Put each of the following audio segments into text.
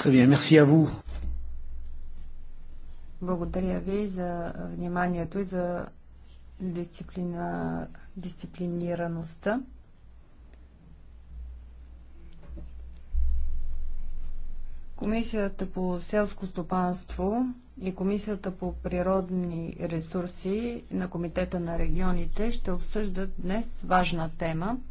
Très bien, merci à vous. Благодаря ви за вниманието и за дисциплина, дисциплинираността. Комисията по селско стопанство и Комисията по природни ресурси на Комитета на регионите ще обсъждат днес важна тема –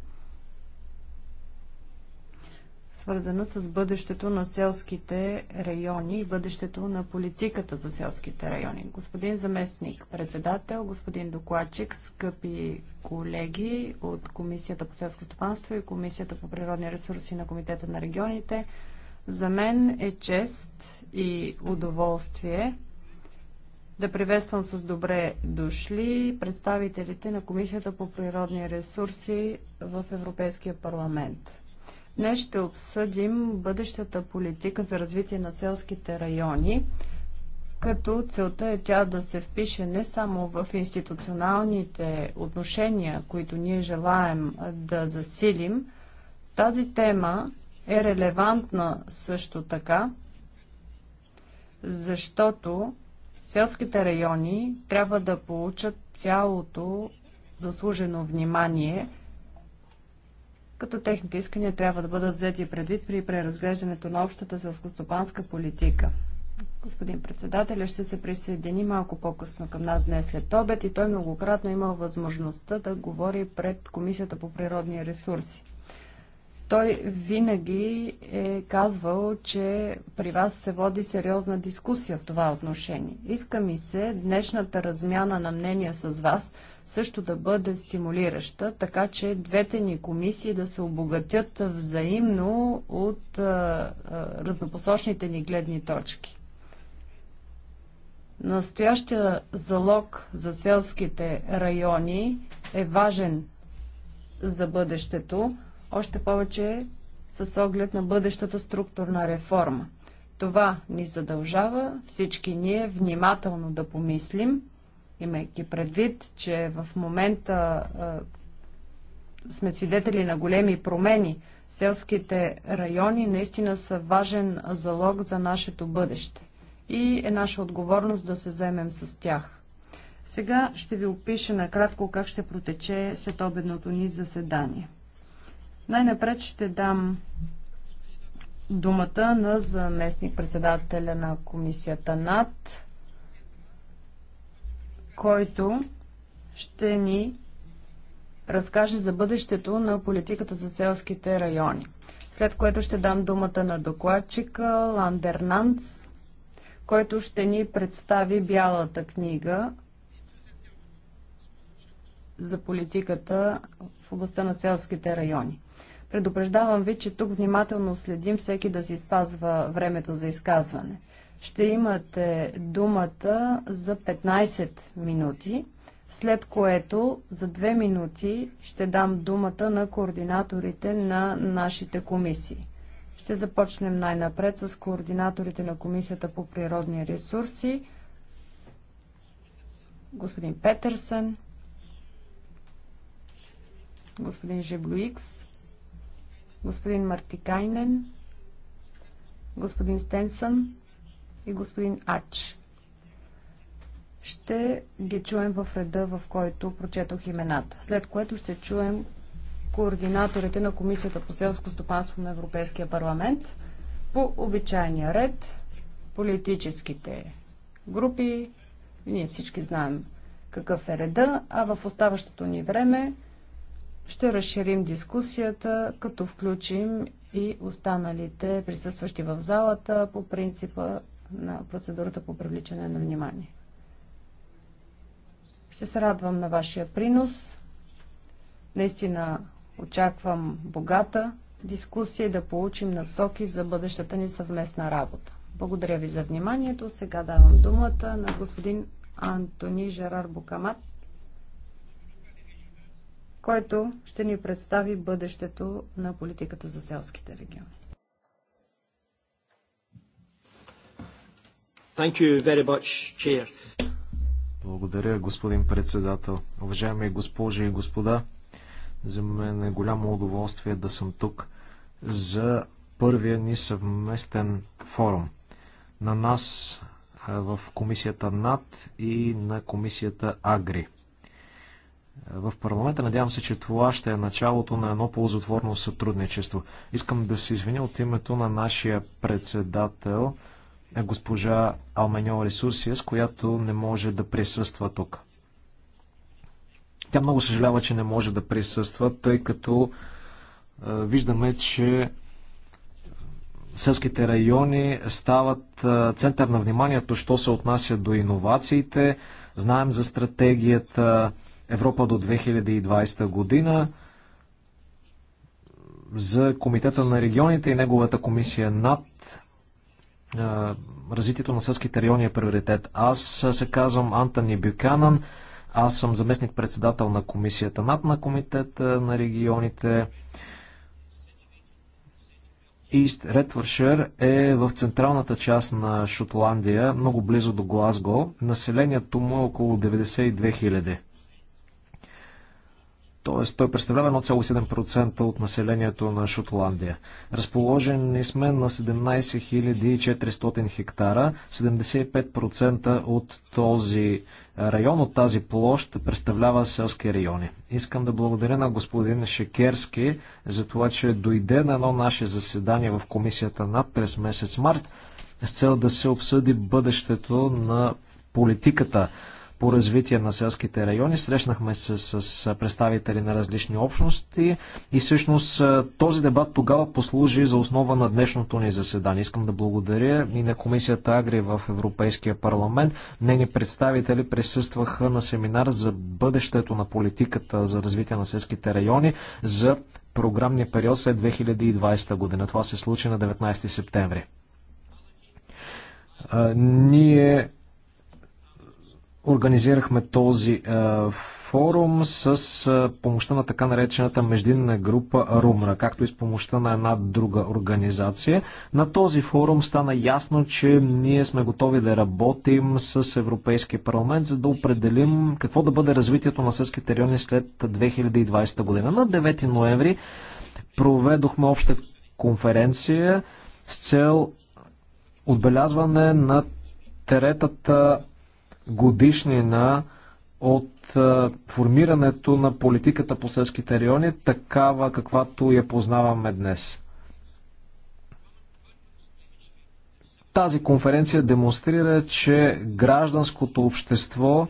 свързана с бъдещето на селските райони и бъдещето на политиката за селските райони. Господин заместник, председател, господин докладчик, скъпи колеги от Комисията по селско стопанство и Комисията по природни ресурси на Комитета на регионите, за мен е чест и удоволствие да приветствам с добре дошли представителите на Комисията по природни ресурси в Европейския парламент. Днес ще обсъдим бъдещата политика за развитие на селските райони, като целта е тя да се впише не само в институционалните отношения, които ние желаем да засилим. Тази тема е релевантна също така, защото селските райони трябва да получат цялото заслужено внимание – като техните искания трябва да бъдат взети предвид при преразглеждането на общата селскостопанска политика. Господин председателя ще се присъедини малко по-късно към нас днес след обед и той многократно е имал възможността да говори пред Комисията по природни ресурси. Той винаги е казвал, че при вас се води сериозна дискусия в това отношение. Иска ми се днешната размяна на мнения с вас също да бъде стимулираща, така че двете ни комисии да се обогатят взаимно от а, а, разнопосочните ни гледни точки. Настоящия залог за селските райони е важен за бъдещето още повече с оглед на бъдещата структурна реформа. Това ни задължава всички ние внимателно да помислим, имайки предвид, че в момента сме свидетели на големи промени. Селските райони наистина са важен залог за нашето бъдеще и е наша отговорност да се вземем с тях. Сега ще ви опиша накратко как ще протече следобедното ни заседание. Най-напред ще дам думата на заместник председателя на комисията НАД, който ще ни разкаже за бъдещето на политиката за селските райони. След което ще дам думата на докладчика Ландернанц, който ще ни представи бялата книга за политиката в областта на селските райони. Предупреждавам ви, че тук внимателно следим всеки да си спазва времето за изказване. Ще имате думата за 15 минути, след което за 2 минути ще дам думата на координаторите на нашите комисии. Ще започнем най-напред с координаторите на Комисията по природни ресурси. Господин Петърсен, господин Жеблюикс, господин Мартикайнен, господин Стенсън и господин Ач. Ще ги чуем в реда, в който прочетох имената, след което ще чуем координаторите на Комисията по селско стопанство на Европейския парламент по обичайния ред, политическите групи, ние всички знаем какъв е реда, а в оставащото ни време ще разширим дискусията, като включим и останалите присъстващи в залата по принципа на процедурата по привличане на внимание. Ще се радвам на вашия принос. Наистина очаквам богата дискусия и да получим насоки за бъдещата ни съвместна работа. Благодаря ви за вниманието. Сега давам думата на господин Антони Жерар Букамат, който ще ни представи бъдещето на политиката за селските региони. Thank you very much, chair. Благодаря, господин председател. Уважаеми госпожи и господа, за мен е голямо удоволствие да съм тук за първия ни съвместен форум. На нас в комисията НАД и на комисията АГРИ в парламента. Надявам се, че това ще е началото на едно ползотворно сътрудничество. Искам да се извиня от името на нашия председател, госпожа Алменьо с която не може да присъства тук. Тя много съжалява, че не може да присъства, тъй като е, виждаме, че селските райони стават е, център на вниманието, що се отнася до иновациите. Знаем за стратегията, Европа до 2020 година за Комитета на регионите и неговата комисия над развитието на съските райони е приоритет. Аз се казвам Антони Бюканан, аз съм заместник-председател на комисията над на Комитета на регионите. Ист Редвършир е в централната част на Шотландия, много близо до Глазго. Населението му е около 92 000 т.е. той представлява 1,7% от населението на Шотландия. Разположени сме на 17 400 хектара, 75% от този е, район, от тази площ представлява селски райони. Искам да благодаря на господин Шекерски за това, че дойде на едно наше заседание в комисията над през месец март с цел да се обсъди бъдещето на политиката по развитие на селските райони. Срещнахме се с представители на различни общности и всъщност този дебат тогава послужи за основа на днешното ни заседание. Искам да благодаря и на комисията Агри в Европейския парламент. Нени представители присъстваха на семинар за бъдещето на политиката за развитие на селските райони за програмния период след 2020 година. Това се случи на 19 септември. Ние Организирахме този форум с помощта на така наречената междинна група Румра, както и с помощта на една друга организация. На този форум стана ясно, че ние сме готови да работим с Европейския парламент, за да определим какво да бъде развитието на съските райони след 2020 година. На 9 ноември проведохме обща конференция с цел отбелязване на третата годишнина от формирането на политиката по селските райони, такава каквато я познаваме днес. Тази конференция демонстрира, че гражданското общество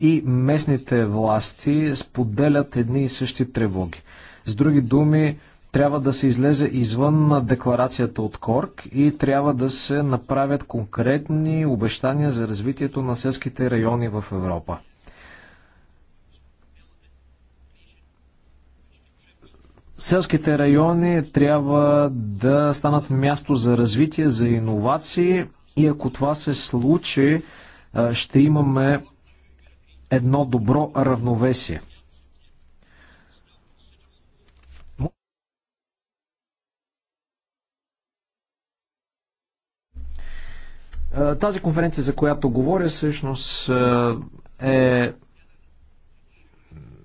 и местните власти споделят едни и същи тревоги. С други думи, трябва да се излезе извън декларацията от Корк и трябва да се направят конкретни обещания за развитието на селските райони в Европа. Селските райони трябва да станат място за развитие, за иновации и ако това се случи, ще имаме едно добро равновесие Е, тази конференция, за която говоря, всъщност е, е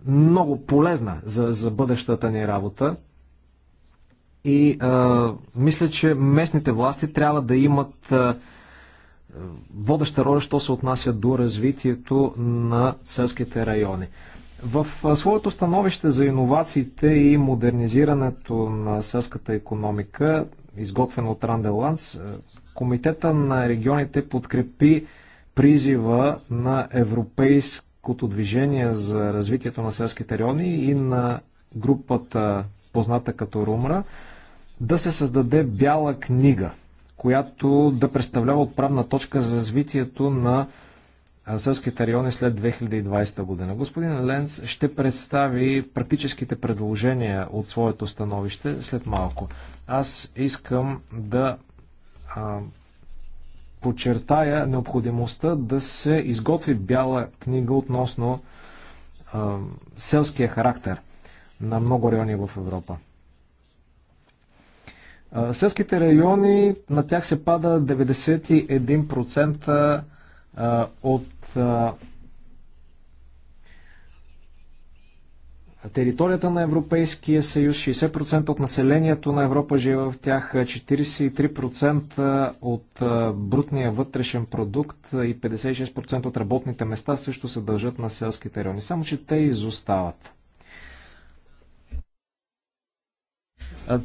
много полезна за, за бъдещата ни работа. И а, е, мисля, че местните власти трябва да имат а, водеща роля, що се отнася до развитието на селските райони. В своето становище за иновациите и модернизирането на селската економика изготвен от Ранделанс, е, Комитета на регионите подкрепи призива на Европейското движение за развитието на селските райони и на групата, позната като Румра, да се създаде бяла книга, която да представлява отправна точка за развитието на селските райони след 2020 година. Господин Ленц ще представи практическите предложения от своето становище след малко. Аз искам да а, подчертая необходимостта да се изготви бяла книга относно а, селския характер на много райони в Европа. А, селските райони, на тях се пада 91% от територията на Европейския съюз, 60% от населението на Европа живе в тях, 43% от брутния вътрешен продукт и 56% от работните места също се дължат на селските райони. Само, че те изостават.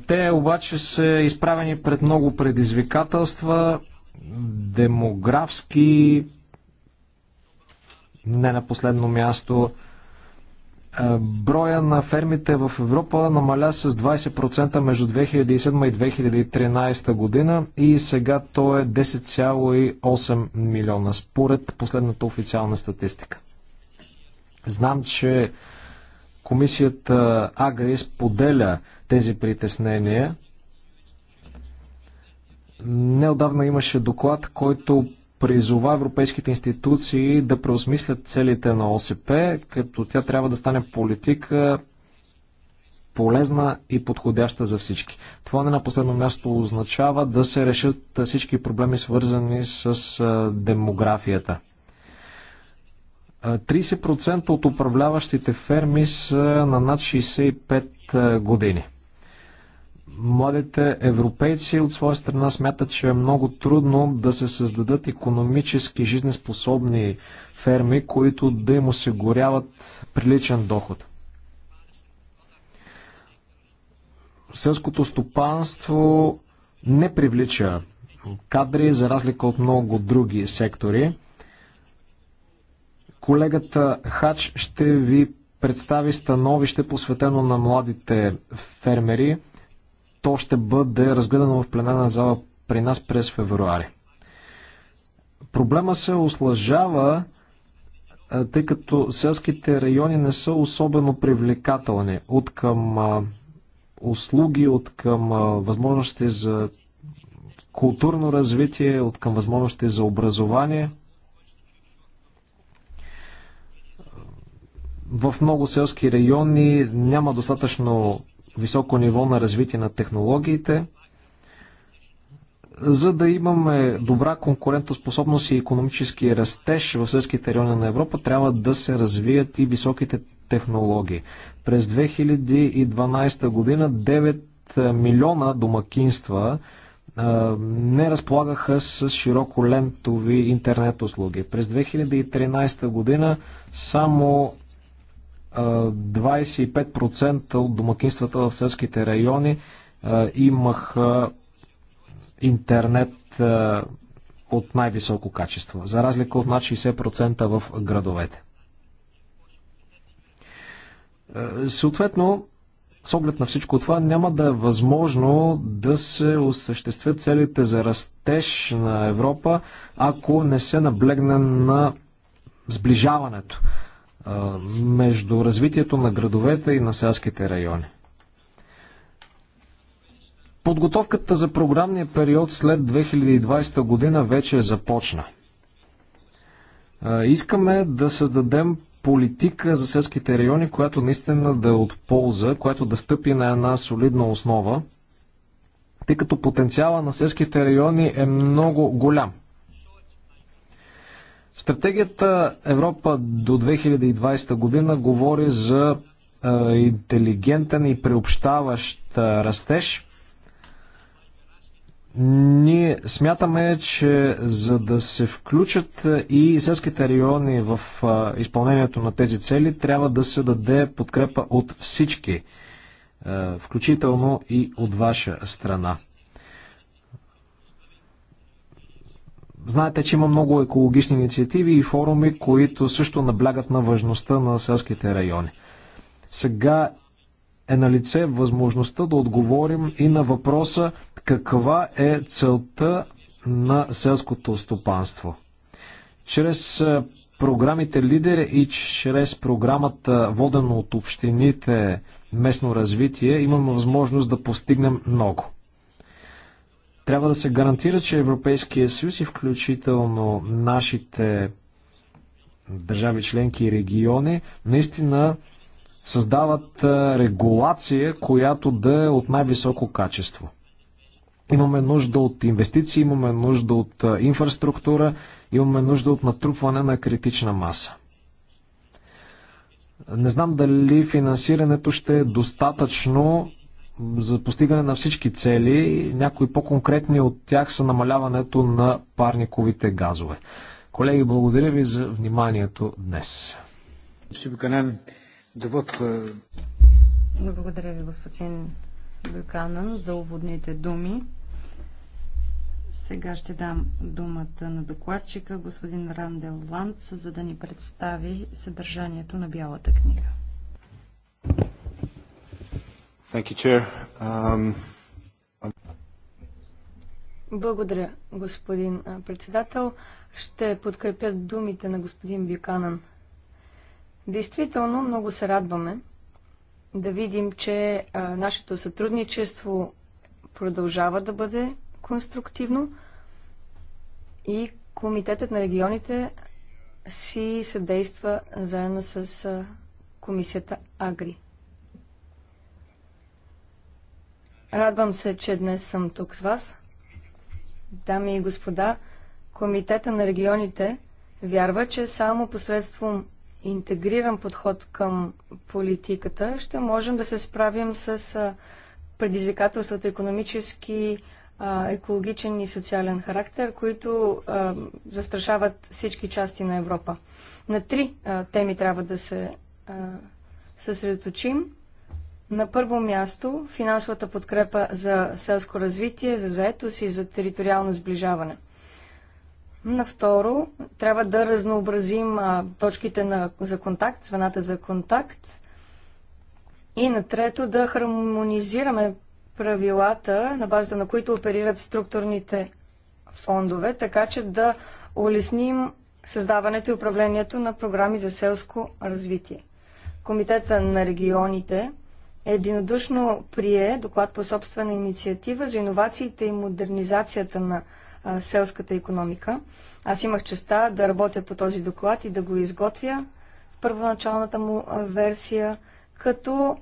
Те обаче са изправени пред много предизвикателства, демографски, не на последно място. Е, броя на фермите в Европа намаля с 20% между 2007 и 2013 година и сега то е 10,8 милиона според последната официална статистика. Знам, че комисията Агри споделя тези притеснения. Неодавна имаше доклад, който призова европейските институции да преосмислят целите на ОСП, като тя трябва да стане политика полезна и подходяща за всички. Това не на последно място означава да се решат всички проблеми, свързани с демографията. 30% от управляващите ферми са на над 65 години. Младите европейци от своя страна смятат, че е много трудно да се създадат економически жизнеспособни ферми, които да им осигуряват приличен доход. Селското стопанство не привлича кадри, за разлика от много други сектори. Колегата Хач ще ви представи становище посветено на младите фермери – то ще бъде разгледано в пленарна зала при нас през февруари. Проблема се ослажава, тъй като селските райони не са особено привлекателни от към услуги, от към възможности за културно развитие, от към възможности за образование. В много селски райони няма достатъчно високо ниво на развитие на технологиите, за да имаме добра конкурентоспособност и економически растеж в сърските райони на Европа, трябва да се развият и високите технологии. През 2012 година 9 милиона домакинства не разполагаха с широко лентови интернет услуги. През 2013 година само 25% от домакинствата в селските райони имаха интернет от най-високо качество, за разлика от над 60% в градовете. Съответно, с оглед на всичко това, няма да е възможно да се осъществят целите за растеж на Европа, ако не се наблегне на сближаването между развитието на градовете и на селските райони. Подготовката за програмния период след 2020 година вече е започна. Искаме да създадем политика за селските райони, която наистина да е от полза, която да стъпи на една солидна основа, тъй като потенциала на селските райони е много голям. Стратегията Европа до 2020 година говори за е, интелигентен и преобщаващ е, растеж. Ние смятаме, че за да се включат е, и селските райони в изпълнението на тези цели, трябва да се даде подкрепа от всички, включително и от ваша страна. Знаете, че има много екологични инициативи и форуми, които също наблягат на важността на селските райони. Сега е на лице възможността да отговорим и на въпроса каква е целта на селското стопанство. Чрез е, програмите Лидер и чрез програмата Водено от общините местно развитие имаме възможност да постигнем много. Трябва да се гарантира, че Европейския съюз и включително нашите държави членки и региони наистина създават регулация, която да е от най-високо качество. Имаме нужда от инвестиции, имаме нужда от инфраструктура, имаме нужда от натрупване на критична маса. Не знам дали финансирането ще е достатъчно за постигане на всички цели. Някои по-конкретни от тях са намаляването на парниковите газове. Колеги, благодаря ви за вниманието днес. Благодаря ви, господин Бюканан, за уводните думи. Сега ще дам думата на докладчика, господин Рандел Ланц, за да ни представи съдържанието на Бялата книга. Thank you, Chair. Um... Благодаря, господин председател. Ще подкрепя думите на господин Бюканан. Действително, много се радваме да видим, че а, нашето сътрудничество продължава да бъде конструктивно и Комитетът на регионите си съдейства заедно с а, Комисията Агри. Радвам се, че днес съм тук с вас. Дами и господа, Комитета на регионите вярва, че само посредством интегриран подход към политиката ще можем да се справим с предизвикателствата економически, екологичен и социален характер, които застрашават всички части на Европа. На три теми трябва да се съсредоточим. На първо място финансовата подкрепа за селско развитие, за заетост и за териториално сближаване. На второ, трябва да разнообразим а, точките на, за контакт, звената за контакт. И на трето, да хармонизираме правилата, на базата на които оперират структурните фондове, така че да улесним създаването и управлението на програми за селско развитие. Комитета на регионите единодушно прие доклад по собствена инициатива за иновациите и модернизацията на селската економика. Аз имах честа да работя по този доклад и да го изготвя в първоначалната му версия, като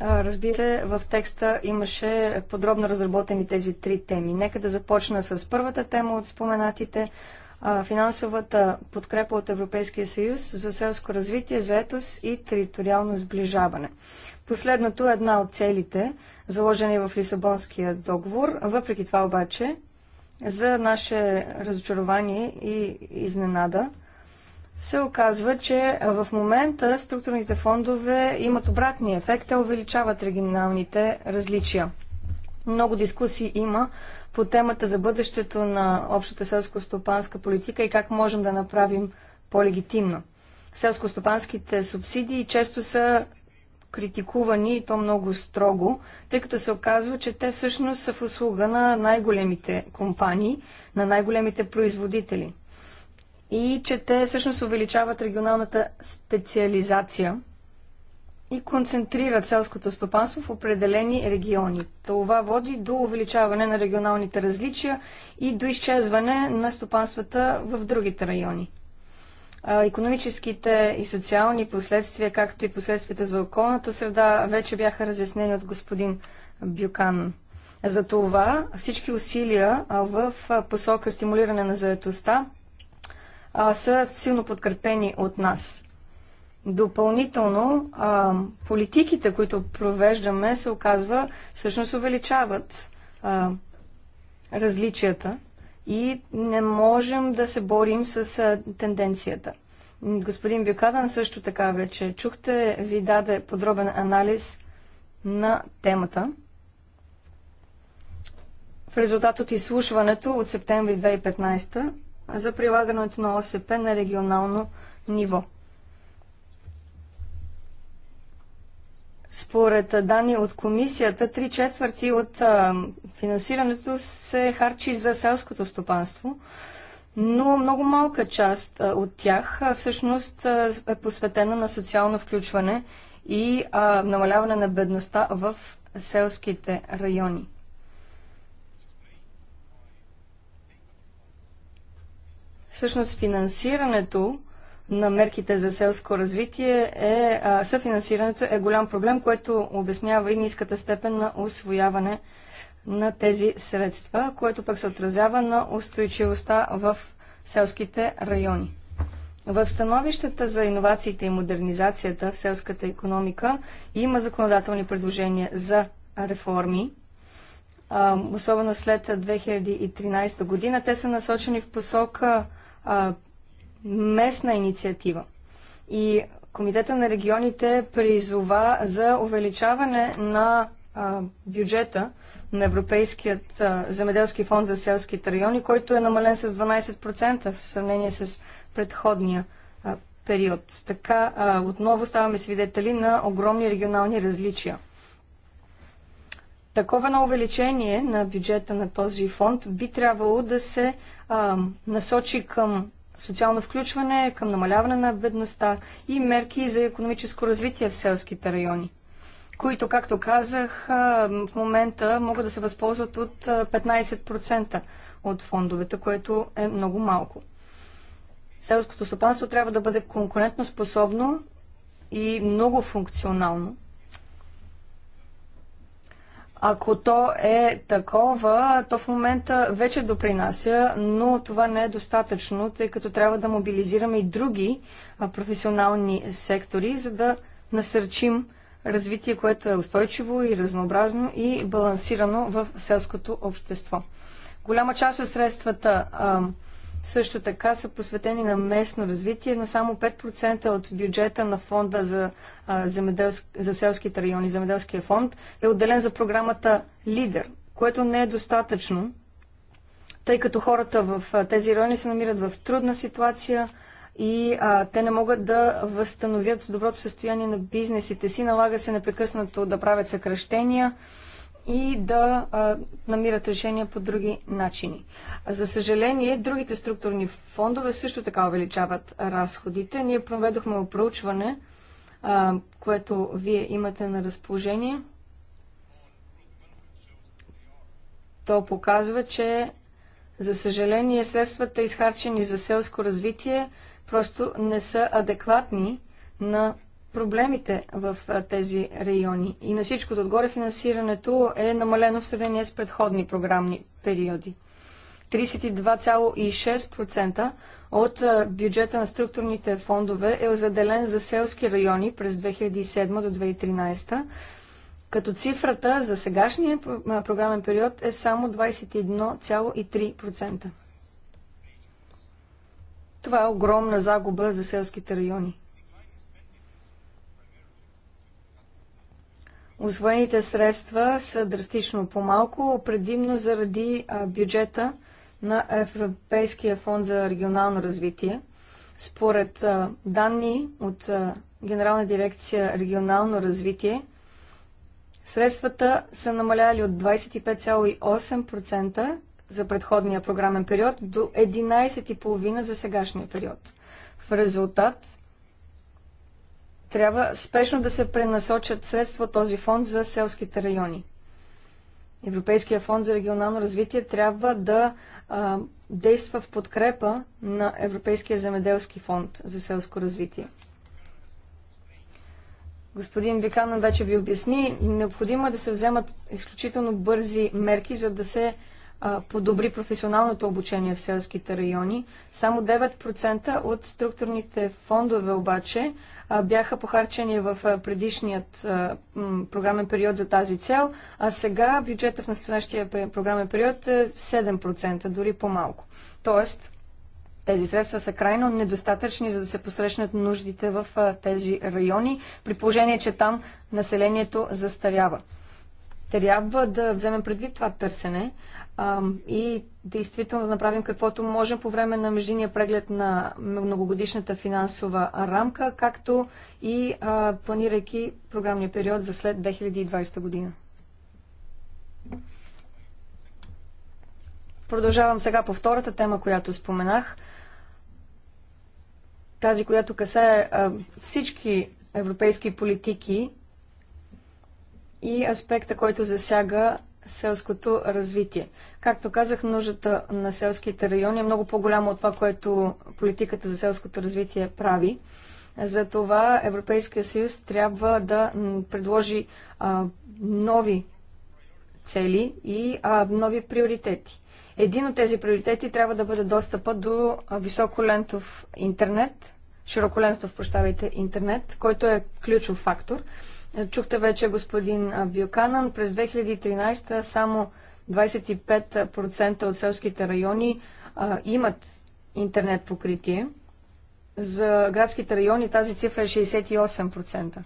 разбира се, в текста имаше подробно разработени тези три теми. Нека да започна с първата тема от споменатите финансовата подкрепа от Европейския съюз за селско развитие, заетост и териториално сближаване. Последното е една от целите, заложени в Лисабонския договор. Въпреки това обаче, за наше разочарование и изненада, се оказва, че в момента структурните фондове имат обратния ефект, те увеличават регионалните различия. Много дискусии има по темата за бъдещето на общата селско-стопанска политика и как можем да направим по-легитимно. Селско-стопанските субсидии често са критикувани и то много строго, тъй като се оказва, че те всъщност са в услуга на най-големите компании, на най-големите производители. И че те всъщност увеличават регионалната специализация и концентрират селското стопанство в определени региони. Това води до увеличаване на регионалните различия и до изчезване на стопанствата в другите райони. Економическите и социални последствия, както и последствията за околната среда, вече бяха разяснени от господин Бюкан. За това всички усилия в посока стимулиране на заедостта са силно подкрепени от нас. Допълнително а, политиките, които провеждаме, се оказва, всъщност увеличават а, различията и не можем да се борим с а, тенденцията. Господин Бюкадан също така вече чухте, ви даде подробен анализ на темата. В резултат от изслушването от септември 2015 за прилагането на ОСП на регионално ниво. Според данни от комисията, три четвърти от а, финансирането се харчи за селското стопанство, но много малка част а, от тях а, всъщност е посветена на социално включване и намаляване на бедността в селските райони. Всъщност финансирането на мерките за селско развитие е а, съфинансирането е голям проблем, което обяснява и ниската степен на освояване на тези средства, което пък се отразява на устойчивостта в селските райони. В становищата за иновациите и модернизацията в селската економика има законодателни предложения за реформи, особено след 2013 година. Те са насочени в посока местна инициатива. И Комитета на регионите призова за увеличаване на бюджета на Европейският земеделски фонд за селските райони, който е намален с 12% в сравнение с предходния период. Така отново ставаме свидетели на огромни регионални различия. Такова на увеличение на бюджета на този фонд би трябвало да се насочи към социално включване, към намаляване на бедността и мерки за економическо развитие в селските райони, които, както казах, в момента могат да се възползват от 15% от фондовете, което е много малко. Селското стопанство трябва да бъде конкурентно способно и много функционално, ако то е такова, то в момента вече допринася, но това не е достатъчно, тъй като трябва да мобилизираме и други професионални сектори, за да насърчим развитие, което е устойчиво и разнообразно и балансирано в селското общество. Голяма част от средствата също така са посветени на местно развитие, но само 5% от бюджета на фонда за, а, за селските райони, земеделския фонд, е отделен за програмата Лидер, което не е достатъчно, тъй като хората в тези райони се намират в трудна ситуация и а, те не могат да възстановят доброто състояние на бизнесите си. Налага се непрекъснато да правят съкръщения и да а, намират решения по други начини. За съжаление, другите структурни фондове също така увеличават разходите. Ние проведохме опроучване, а, което вие имате на разположение. То показва, че за съжаление средствата, изхарчени за селско развитие, просто не са адекватни на проблемите в тези райони. И на всичкото отгоре финансирането е намалено в сравнение с предходни програмни периоди. 32,6% от бюджета на структурните фондове е заделен за селски райони през 2007 до 2013, като цифрата за сегашния програмен период е само 21,3%. Това е огромна загуба за селските райони. Освоените средства са драстично по-малко, предимно заради бюджета на Европейския фонд за регионално развитие. Според данни от Генерална дирекция регионално развитие, средствата са намаляли от 25,8% за предходния програмен период до 11,5% за сегашния период. В резултат трябва спешно да се пренасочат средства от този фонд за селските райони. Европейския фонд за регионално развитие трябва да а, действа в подкрепа на Европейския земеделски фонд за селско развитие. Господин Виканан вече ви обясни, необходимо е да се вземат изключително бързи мерки, за да се а, подобри професионалното обучение в селските райони. Само 9% от структурните фондове обаче бяха похарчени в предишният програмен период за тази цел, а сега бюджета в настоящия програмен период е 7%, дори по-малко. Тоест, тези средства са крайно недостатъчни, за да се посрещнат нуждите в тези райони, при положение, че там населението застарява. Трябва да вземем предвид това търсене, и действително да направим каквото можем по време на междинния преглед на многогодишната финансова рамка, както и а, планирайки програмния период за след 2020 година. Продължавам сега по втората тема, която споменах. Тази, която касае а, всички европейски политики и аспекта, който засяга селското развитие. Както казах, нуждата на селските райони е много по-голяма от това, което политиката за селското развитие прави. Затова Европейския съюз трябва да предложи а, нови цели и а, нови приоритети. Един от тези приоритети трябва да бъде достъпа до високолентов интернет, широколентов, прощавайте, интернет, който е ключов фактор – Чухте вече господин Бюканан. През 2013 само 25% от селските райони а, имат интернет покритие. За градските райони тази цифра е 68%.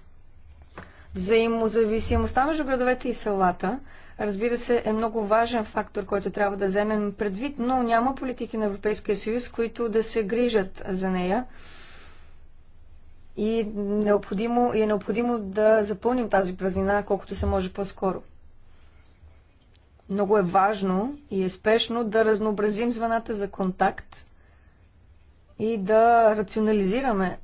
Взаимозависимостта между градовете и селата, разбира се, е много важен фактор, който трябва да вземем предвид, но няма политики на Европейския съюз, които да се грижат за нея и, необходимо, и е необходимо да запълним тази празнина колкото се може по-скоро. Много е важно и е спешно да разнообразим звената за контакт и да рационализираме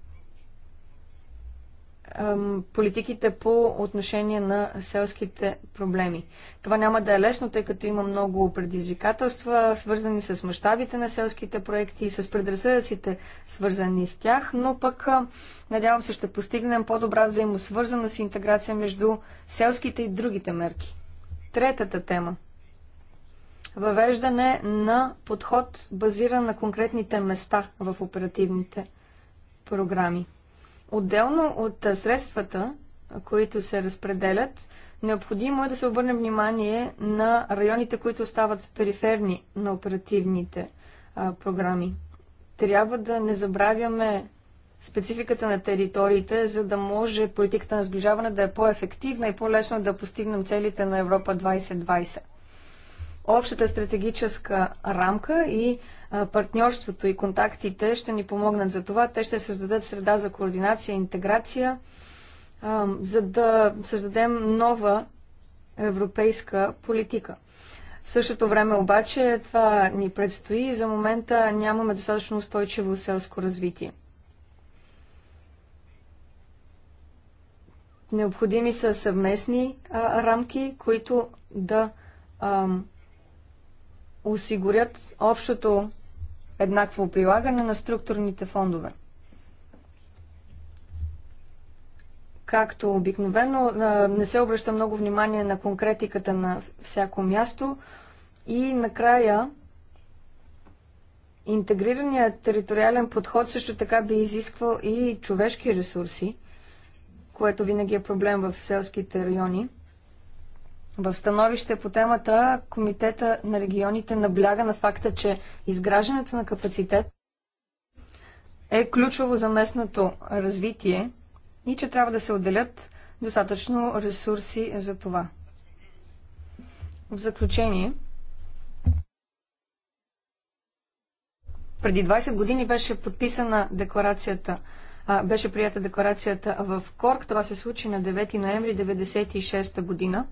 политиките по отношение на селските проблеми. Това няма да е лесно, тъй като има много предизвикателства, свързани с мащабите на селските проекти и с предразсъдъците, свързани с тях, но пък надявам се ще постигнем по-добра взаимосвързаност и интеграция между селските и другите мерки. Третата тема въвеждане на подход базиран на конкретните места в оперативните програми. Отделно от средствата, които се разпределят, необходимо е да се обърне внимание на районите, които остават периферни на оперативните а, програми. Трябва да не забравяме спецификата на териториите, за да може политиката на сближаване да е по-ефективна и по-лесно да постигнем целите на Европа 2020. Общата стратегическа рамка и партньорството и контактите ще ни помогнат за това. Те ще създадат среда за координация и интеграция, за да създадем нова европейска политика. В същото време обаче това ни предстои и за момента нямаме достатъчно устойчиво селско развитие. Необходими са съвместни а, рамки, които да а, осигурят общото еднакво прилагане на структурните фондове. Както обикновено, не се обръща много внимание на конкретиката на всяко място и накрая интегрираният териториален подход също така би изисквал и човешки ресурси, което винаги е проблем в селските райони – в становище по темата Комитета на регионите набляга на факта, че изграждането на капацитет е ключово за местното развитие и че трябва да се отделят достатъчно ресурси за това. В заключение, преди 20 години беше подписана декларацията, а, беше прията декларацията в Корк. Това се случи на 9 ноември 1996 година.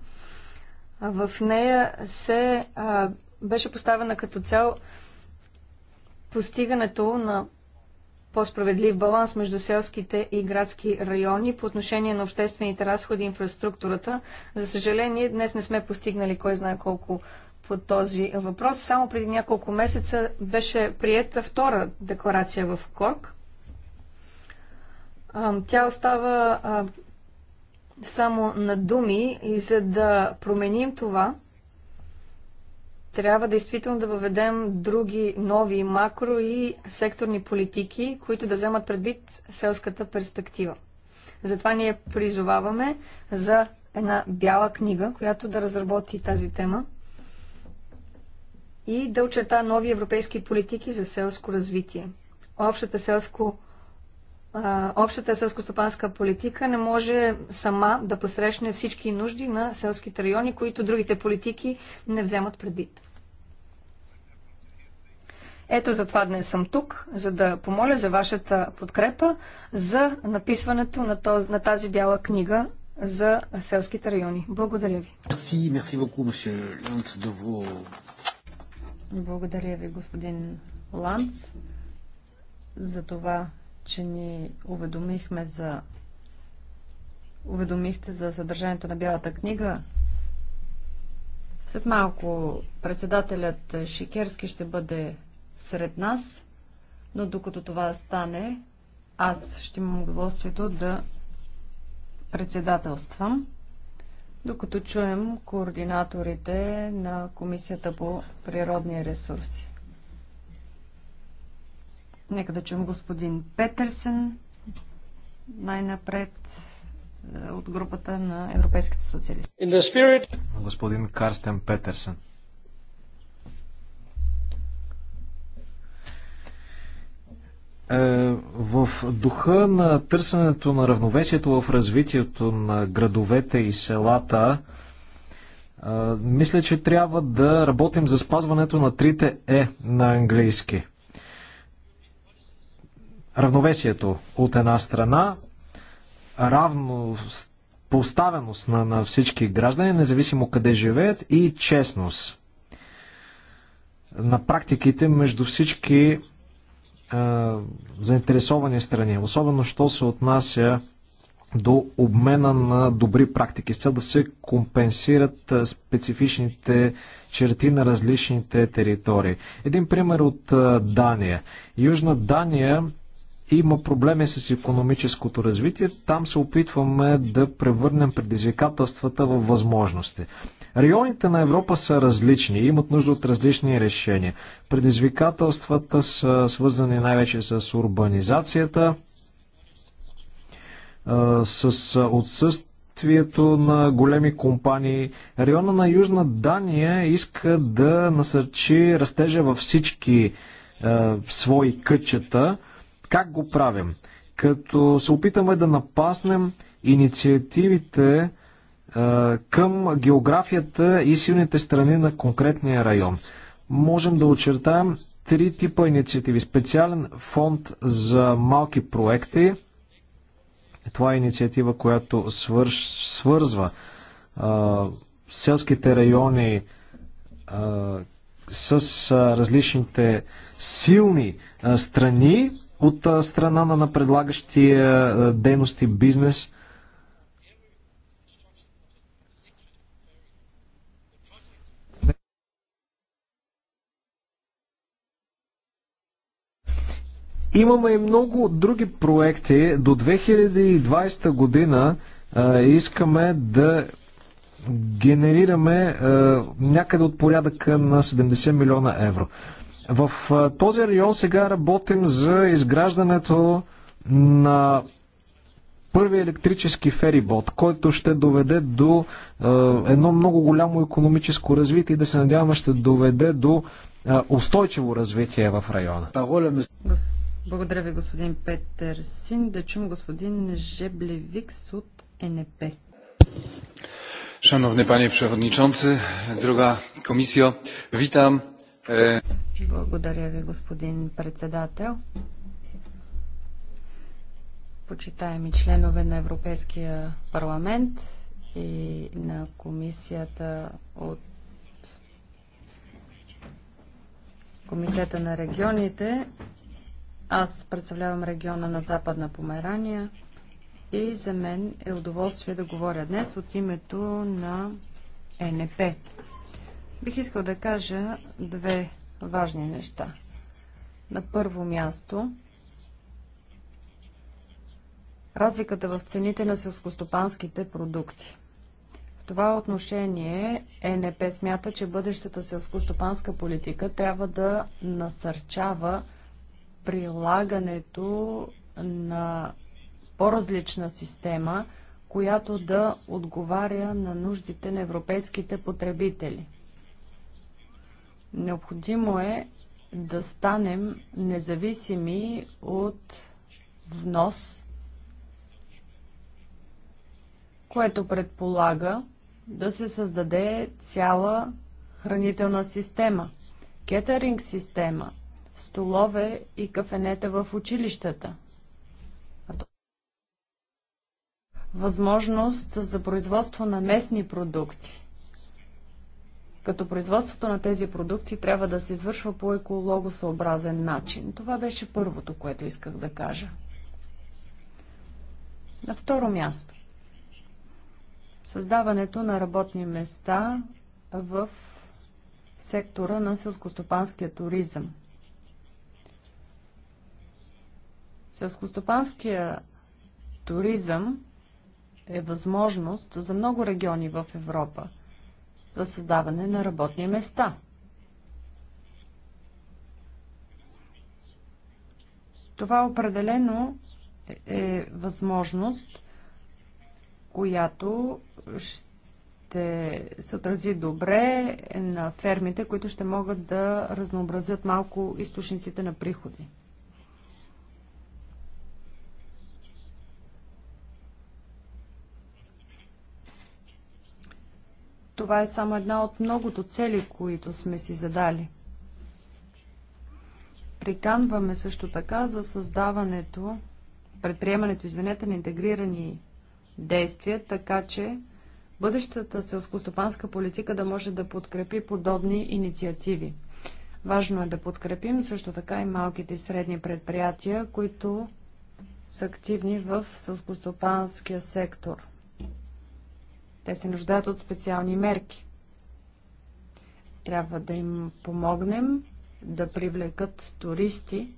В нея се а, беше поставена като цел постигането на по-справедлив баланс между селските и градски райони по отношение на обществените разходи и инфраструктурата. За съжаление, днес не сме постигнали кой знае колко по този въпрос. Само преди няколко месеца беше приета втора декларация в КОРК. Тя остава само на думи и за да променим това, трябва действително да въведем други нови макро и секторни политики, които да вземат предвид селската перспектива. Затова ние призоваваме за една бяла книга, която да разработи тази тема и да очерта нови европейски политики за селско развитие. Общата селско общата селскостопанска политика не може сама да посрещне всички нужди на селските райони, които другите политики не вземат предвид. Ето за това днес съм тук, за да помоля за вашата подкрепа за написването на, този, на тази бяла книга за селските райони. Благодаря ви. Благодаря ви, господин Ланц, за това, че ни уведомихме за уведомихте за съдържанието на Бялата книга. След малко председателят Шикерски ще бъде сред нас, но докато това стане, аз ще имам удоволствието да председателствам, докато чуем координаторите на Комисията по природни ресурси. Нека да чуем господин Петърсен най-напред е, от групата на европейските социалисти. Spirit... Господин Карстен Петърсен. Е, в духа на търсенето на равновесието в развитието на градовете и селата, е, мисля, че трябва да работим за спазването на трите Е на английски – равновесието от една страна, равно поставеност на, на всички граждани, независимо къде живеят и честност на практиките между всички а, е, заинтересовани страни, особено що се отнася до обмена на добри практики, с цел да се компенсират е, специфичните черти на различните територии. Един пример от е, Дания. Южна Дания има проблеми с економическото развитие, там се опитваме да превърнем предизвикателствата във възможности. Районите на Европа са различни и имат нужда от различни решения. Предизвикателствата са свързани най-вече с урбанизацията, с отсъствието на големи компании. Района на Южна Дания иска да насърчи растежа във всички свои кътчета как го правим? Като се опитаме да напаснем инициативите е, към географията и силните страни на конкретния район. Можем да очертаем три типа инициативи. Специален фонд за малки проекти. Това е инициатива, която свърш, свързва а, селските райони а, с а, различните силни а, страни от страна на предлагащия дейности бизнес. Имаме и много други проекти. До 2020 година а, искаме да генерираме а, някъде от порядъка на 70 милиона евро. В този район сега работим за изграждането на първи електрически ферибот, който ще доведе до е, едно много голямо економическо развитие и да се надяваме ще доведе до е, устойчиво развитие в района. Благодаря ви, господин Петерсин. Да чум господин Жеблевикс от НП. Szanowny panie przewodniczący, droga komisjo, witam. Е... Благодаря ви, господин председател. Почитаеми членове на Европейския парламент и на комисията от Комитета на регионите. Аз представлявам региона на Западна Померания и за мен е удоволствие да говоря днес от името на ЕНП. Бих искал да кажа две важни неща. На първо място, разликата в цените на селскостопанските продукти. В това отношение ЕНП смята, че бъдещата селскостопанска политика трябва да насърчава прилагането на по-различна система, която да отговаря на нуждите на европейските потребители. Необходимо е да станем независими от внос, което предполага да се създаде цяла хранителна система, кетеринг система, столове и кафенета в училищата. Възможност за производство на местни продукти като производството на тези продукти трябва да се извършва по екологосъобразен начин. Това беше първото, което исках да кажа. На второ място. Създаването на работни места в сектора на селскостопанския туризъм. Селскостопанския туризъм е възможност за много региони в Европа – за създаване на работни места. Това определено е възможност, която ще се отрази добре на фермите, които ще могат да разнообразят малко източниците на приходи. Това е само една от многото цели, които сме си задали. Приканваме също така за създаването, предприемането, извинете, на интегрирани действия, така че бъдещата селскостопанска политика да може да подкрепи подобни инициативи. Важно е да подкрепим също така и малките и средни предприятия, които са активни в селскостопанския сектор. Те се нуждаят от специални мерки. Трябва да им помогнем да привлекат туристи,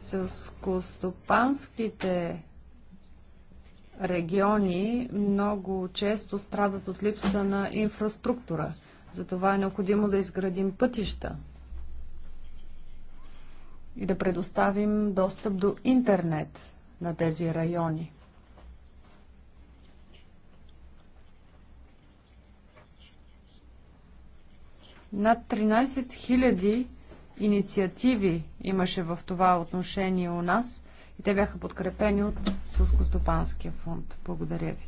селскостопанските региони много често страдат от липса на инфраструктура. Затова е необходимо да изградим пътища и да предоставим достъп до интернет на тези райони. Над 13 000 инициативи имаше в това отношение у нас и те бяха подкрепени от Сълскостопанския фонд. Благодаря ви.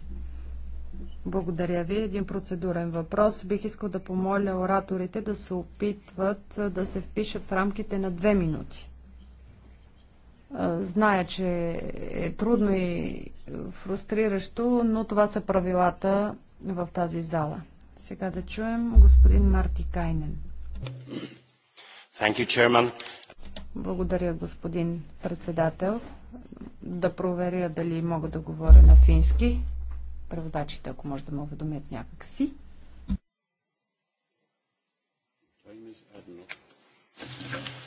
Благодаря ви. Един процедурен въпрос. Бих искал да помоля ораторите да се опитват да се впишат в рамките на две минути. Зная, че е трудно и фрустриращо, но това са правилата в тази зала. Сега да чуем господин Марти Кайнен. Thank you, chairman. Благодаря, господин председател. Да проверя дали мога да говоря на фински. Преводачите, ако може да ме уведомят някак си. Thank you.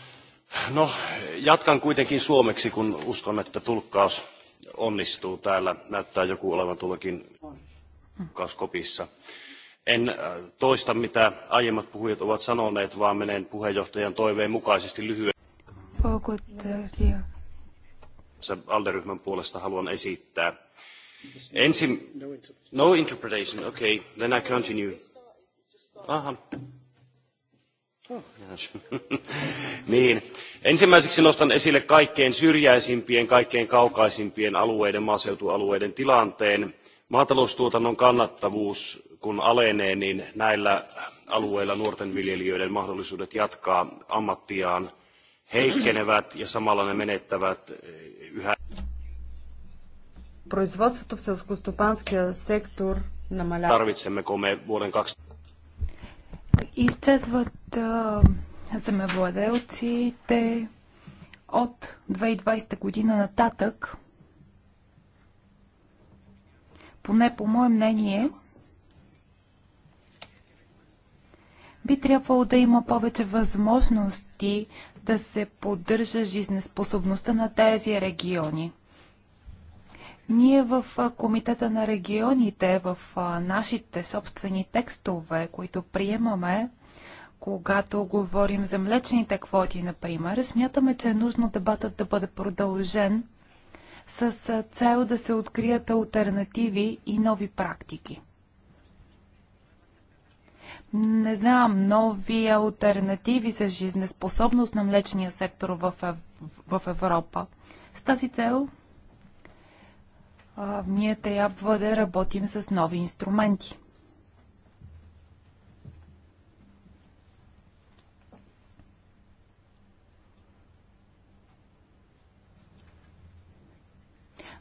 No, jatkan kuitenkin suomeksi, kun uskon, että tulkkaus onnistuu täällä. Näyttää joku olevan tuollakin tulkkauskopissa. En toista, mitä aiemmat puhujat ovat sanoneet, vaan menen puheenjohtajan toiveen mukaisesti lyhyesti. Alderyhmän puolesta haluan esittää. Ensin... No interpretation, okay, then I continue. Aha niin. Ensimmäiseksi nostan esille kaikkein syrjäisimpien, kaikkein kaukaisimpien alueiden, maaseutualueiden tilanteen. Maataloustuotannon kannattavuus, kun alenee, niin näillä alueilla nuorten viljelijöiden mahdollisuudet jatkaa ammattiaan heikkenevät ja samalla ne menettävät yhä. Производството в селскостопанския сектор намалява. Tarvitsemmeko me vuoden 2000 Изчезват а, земевладелците от 2020 година нататък. Поне по мое мнение, би трябвало да има повече възможности да се поддържа жизнеспособността на тези региони. Ние в Комитета на регионите, в нашите собствени текстове, които приемаме, когато говорим за млечните квоти, например, смятаме, че е нужно дебатът да бъде продължен с цел да се открият альтернативи и нови практики. Не знам, нови альтернативи за жизнеспособност на млечния сектор в, в Европа. С тази цел а, ние трябва да работим с нови инструменти.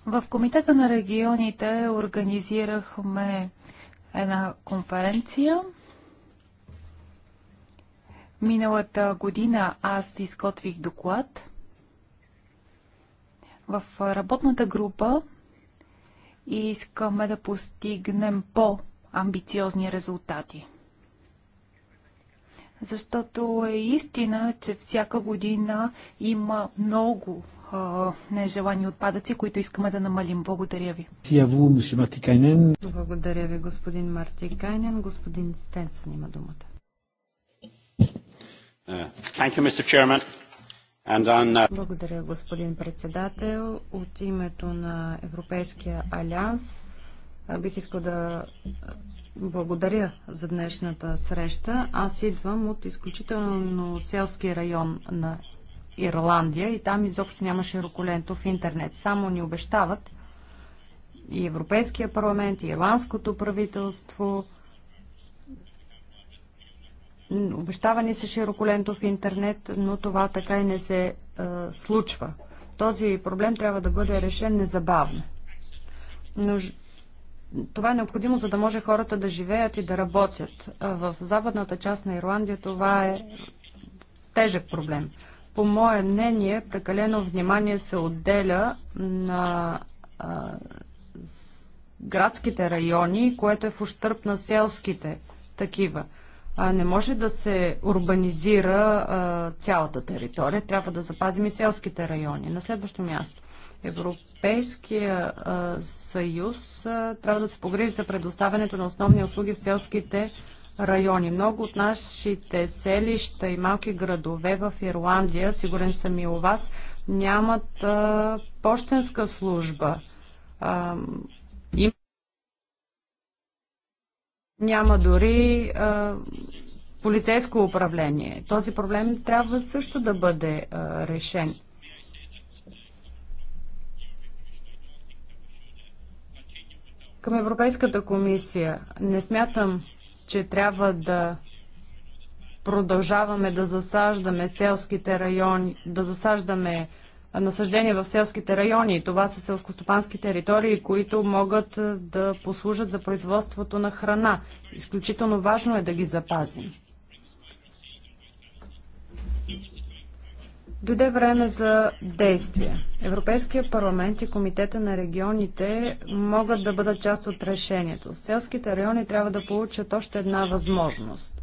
В Комитета на регионите организирахме една конференция. Миналата година аз изготвих доклад. В работната група и искаме да постигнем по-амбициозни резултати. Защото е истина, че всяка година има много а, нежелани отпадъци, които искаме да намалим. Благодаря ви. Благодаря ви, господин Марти Кайнен, Господин Стенсън има думата. Uh, thank you, Mr. Chairman. Uh, благодаря, господин председател. От името на Европейския алианс бих искал да благодаря за днешната среща. Аз идвам от изключително селски район на Ирландия и там изобщо няма широколентов интернет. Само ни обещават и Европейския парламент, и Ирландското правителство – Обещавани са се широколентов интернет, но това така и не се а, е, случва. Този проблем трябва да бъде решен незабавно. Но това е необходимо, за да може хората да живеят и да работят. В западната част на Ирландия това е тежък проблем. По мое мнение, прекалено внимание се отделя на а, градските райони, което е в ущърп на селските такива не може да се урбанизира цялата територия. Трябва да запазим и селските райони. На следващо място. Европейския съюз трябва да се погрижи за предоставянето на основни услуги в селските райони. Много от нашите селища и малки градове в Ирландия, сигурен съм и у вас, нямат а, почтенска служба. А, им няма дори а, полицейско управление. Този проблем трябва също да бъде а, решен. Към Европейската комисия не смятам, че трябва да продължаваме да засаждаме селските райони, да засаждаме Насъждения в селските райони. Това са селскостопански територии, които могат е, да послужат за производството на храна. Изключително важно е да ги запазим. Дойде време за действие. Европейския парламент и Комитета на регионите могат да бъдат част от решението. В селските райони трябва да получат още една възможност.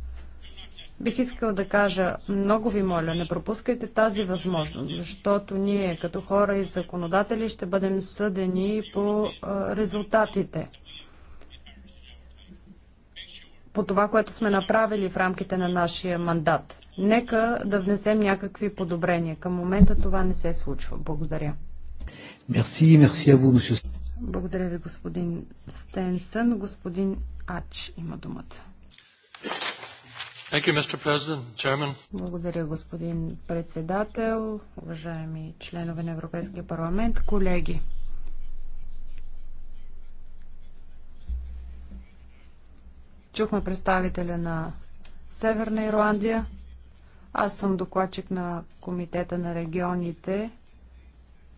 Бих искал да кажа, много ви моля, не пропускайте тази възможност, защото ние като хора и законодатели ще бъдем съдени по резултатите. По това, което сме направили в рамките на нашия мандат. Нека да внесем някакви подобрения. Към момента това не се случва. Благодаря. Мерси, мерси а vous, monsieur. Благодаря ви, господин Стенсън. Господин Ач има думата. You, Благодаря, господин председател, уважаеми членове на Европейския парламент, колеги. Чухме представителя на Северна Ирландия. Аз съм докладчик на Комитета на регионите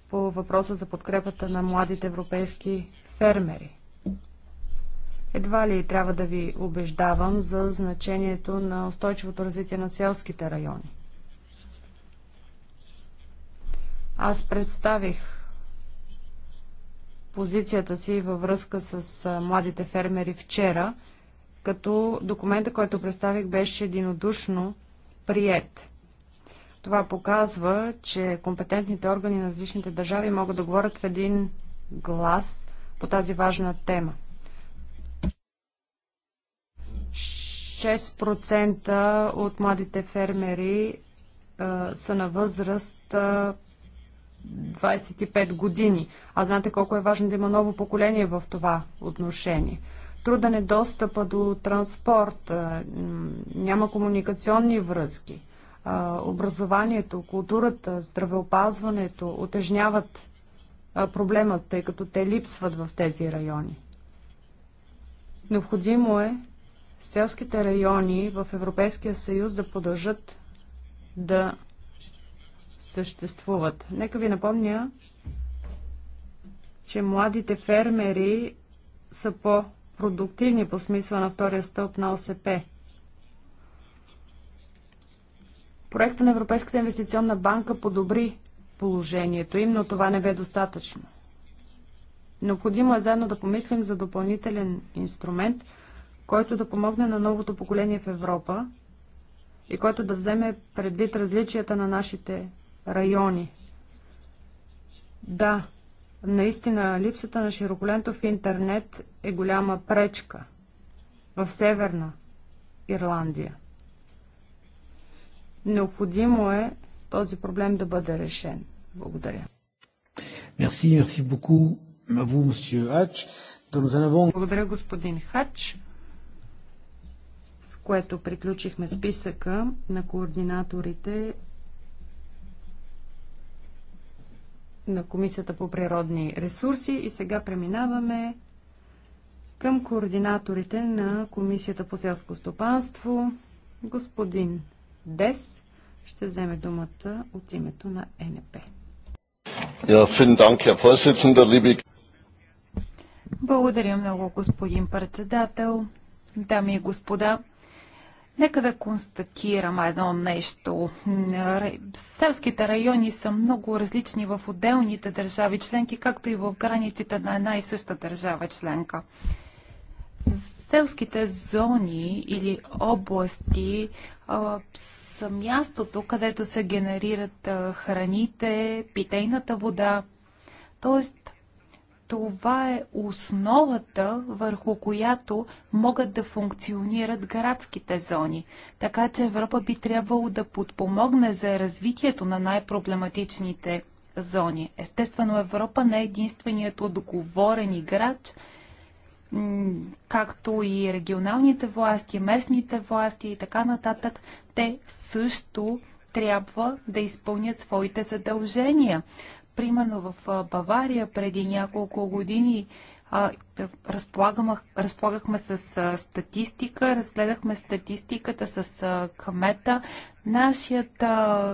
по въпроса за подкрепата на младите европейски фермери. Едва ли трябва да ви убеждавам за значението на устойчивото развитие на селските райони. Аз представих позицията си във връзка с младите фермери вчера, като документа, който представих, беше единодушно прият. Това показва, че компетентните органи на различните държави могат да говорят в един глас по тази важна тема. 6% от младите фермери а, са на възраст а, 25 години. А знаете колко е важно да има ново поколение в това отношение. Труден е достъпа до транспорт, а, няма комуникационни връзки. Образованието, културата, здравеопазването отежняват проблемът, тъй като те липсват в тези райони. Необходимо е селските райони в Европейския съюз да продължат да съществуват. Нека ви напомня, че младите фермери са по-продуктивни по смисъла на втория стълб на ОСП. Проекта на Европейската инвестиционна банка подобри положението им, но това не бе достатъчно. Необходимо е заедно да помислим за допълнителен инструмент – който да помогне на новото поколение в Европа и който да вземе предвид различията на нашите райони. Да, наистина липсата на широколентов интернет е голяма пречка в Северна Ирландия. Необходимо е този проблем да бъде решен. Благодаря. Merci, merci beaucoup à vous, monsieur Hatch. Благодаря, господин Хач което приключихме списъка на координаторите на Комисията по природни ресурси и сега преминаваме към координаторите на Комисията по селско стопанство. Господин Дес ще вземе думата от името на НП. Благодаря много, господин председател. Дами и господа, Нека да констатирам едно нещо. Селските райони са много различни в отделните държави членки, както и в границите на една и съща държава членка. Селските зони или области са мястото, където се генерират храните, питейната вода. Тоест, това е основата, върху която могат да функционират градските зони. Така че Европа би трябвало да подпомогне за развитието на най-проблематичните зони. Естествено, Европа не е единственият отговорен играч, както и регионалните власти, местните власти и така нататък, те също трябва да изпълнят своите задължения. Примерно в Бавария преди няколко години разполагахме с статистика, разгледахме статистиката с кмета. Нашият,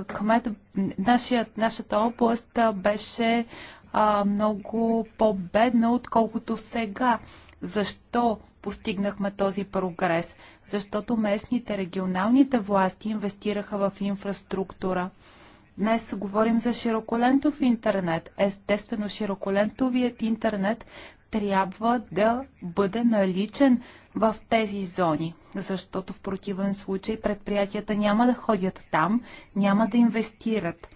кмет, нашият, нашата област беше много по-бедна, отколкото сега. Защо постигнахме този прогрес? Защото местните регионалните власти инвестираха в инфраструктура. Днес говорим за широколентов интернет. Естествено, широколентовият интернет трябва да бъде наличен в тези зони, защото в противен случай предприятията няма да ходят там, няма да инвестират.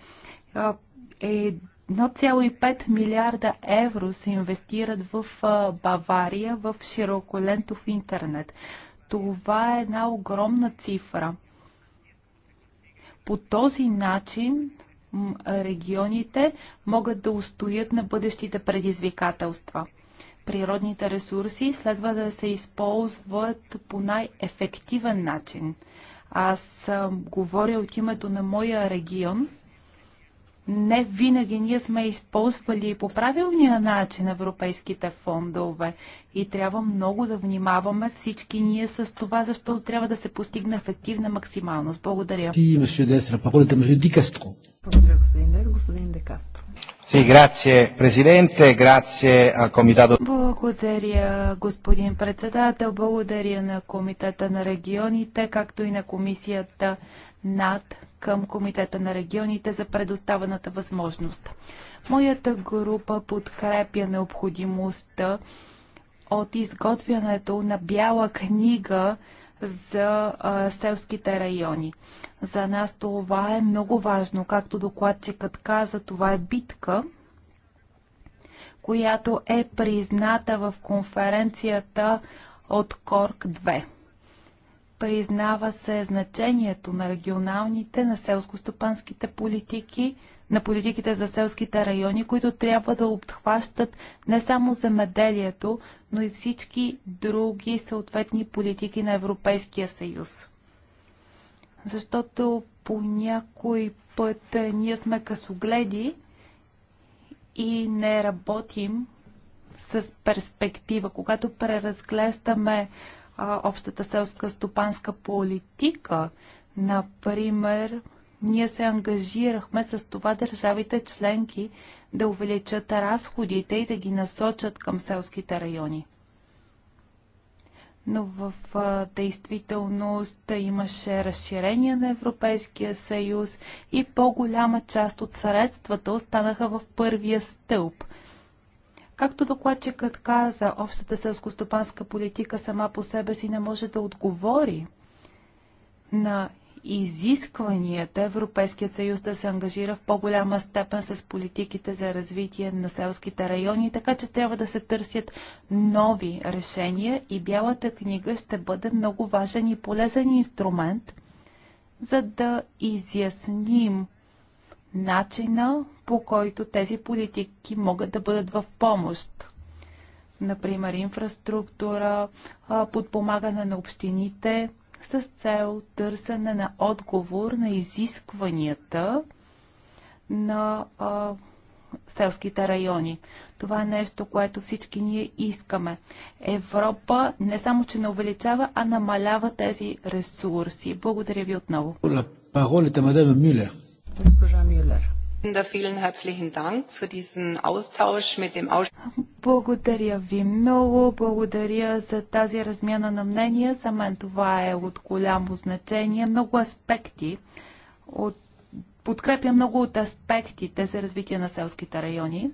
1,5 милиарда евро се инвестират в Бавария в широколентов интернет. Това е една огромна цифра. По този начин регионите могат да устоят на бъдещите предизвикателства. Природните ресурси следва да се използват по най-ефективен начин. Аз говоря от името на моя регион – не винаги ние сме използвали по правилния начин европейските фондове и трябва много да внимаваме всички ние с това, защото трябва да се постигне ефективна максималност. Благодаря. Ти, благодаря, господин Дед. Господин Декастро. Си, грация, президенте, грация комитато. Благодаря, господин председател. Благодаря на Комитета на регионите, както и на комисията над към Комитета на регионите за предоставената възможност. Моята група подкрепя необходимостта от изготвянето на бяла книга за а, селските райони. За нас това е много важно. Както докладчикът каза, това е битка, която е призната в конференцията от Корк 2. Признава се значението на регионалните, на селско-стопанските политики – на политиките за селските райони, които трябва да обхващат не само земеделието, но и всички други съответни политики на Европейския съюз. Защото по някой път е, ние сме късогледи и не работим с перспектива. Когато преразглеждаме а, общата селска стопанска политика, например, ние се ангажирахме с това държавите членки да увеличат разходите и да ги насочат към селските райони. Но в а, действителност имаше разширение на Европейския съюз и по-голяма част от средствата останаха в първия стълб. Както докладчикът каза, общата селскостопанска политика сама по себе си не може да отговори на изискванията Европейският съюз да се ангажира в по-голяма степен с политиките за развитие на селските райони, така че трябва да се търсят нови решения и Бялата книга ще бъде много важен и полезен инструмент, за да изясним начина по който тези политики могат да бъдат в помощ например, инфраструктура, подпомагане на общините, с цел търсене на отговор на изискванията на а, селските райони. Това е нещо, което всички ние искаме. Европа не само, че не увеличава, а намалява тези ресурси. Благодаря ви отново. Госпожа Мюлер. Благодаря ви много, благодаря за тази размяна на мнения. За мен това е от голямо значение. Много аспекти от подкрепя много от аспектите за развитие на селските райони.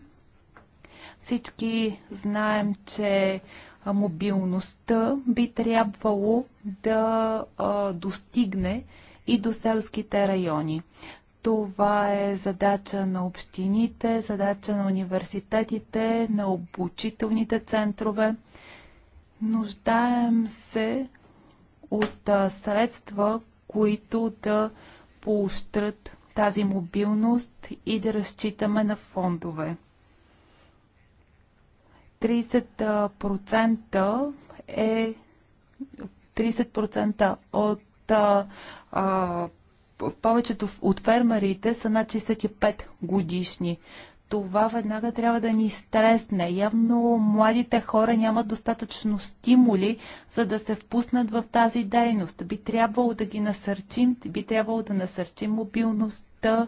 Всички знаем, че мобилността би трябвало да достигне и до селските райони. Това е задача на общините, задача на университетите, на обучителните центрове. Нуждаем се от средства, които да поощрят тази мобилност и да разчитаме на фондове. 30% е 30% от а, повечето от фермерите са над 65 годишни. Това веднага трябва да ни стресне. Явно младите хора нямат достатъчно стимули, за да се впуснат в тази дейност. Би трябвало да ги насърчим, би трябвало да насърчим мобилността,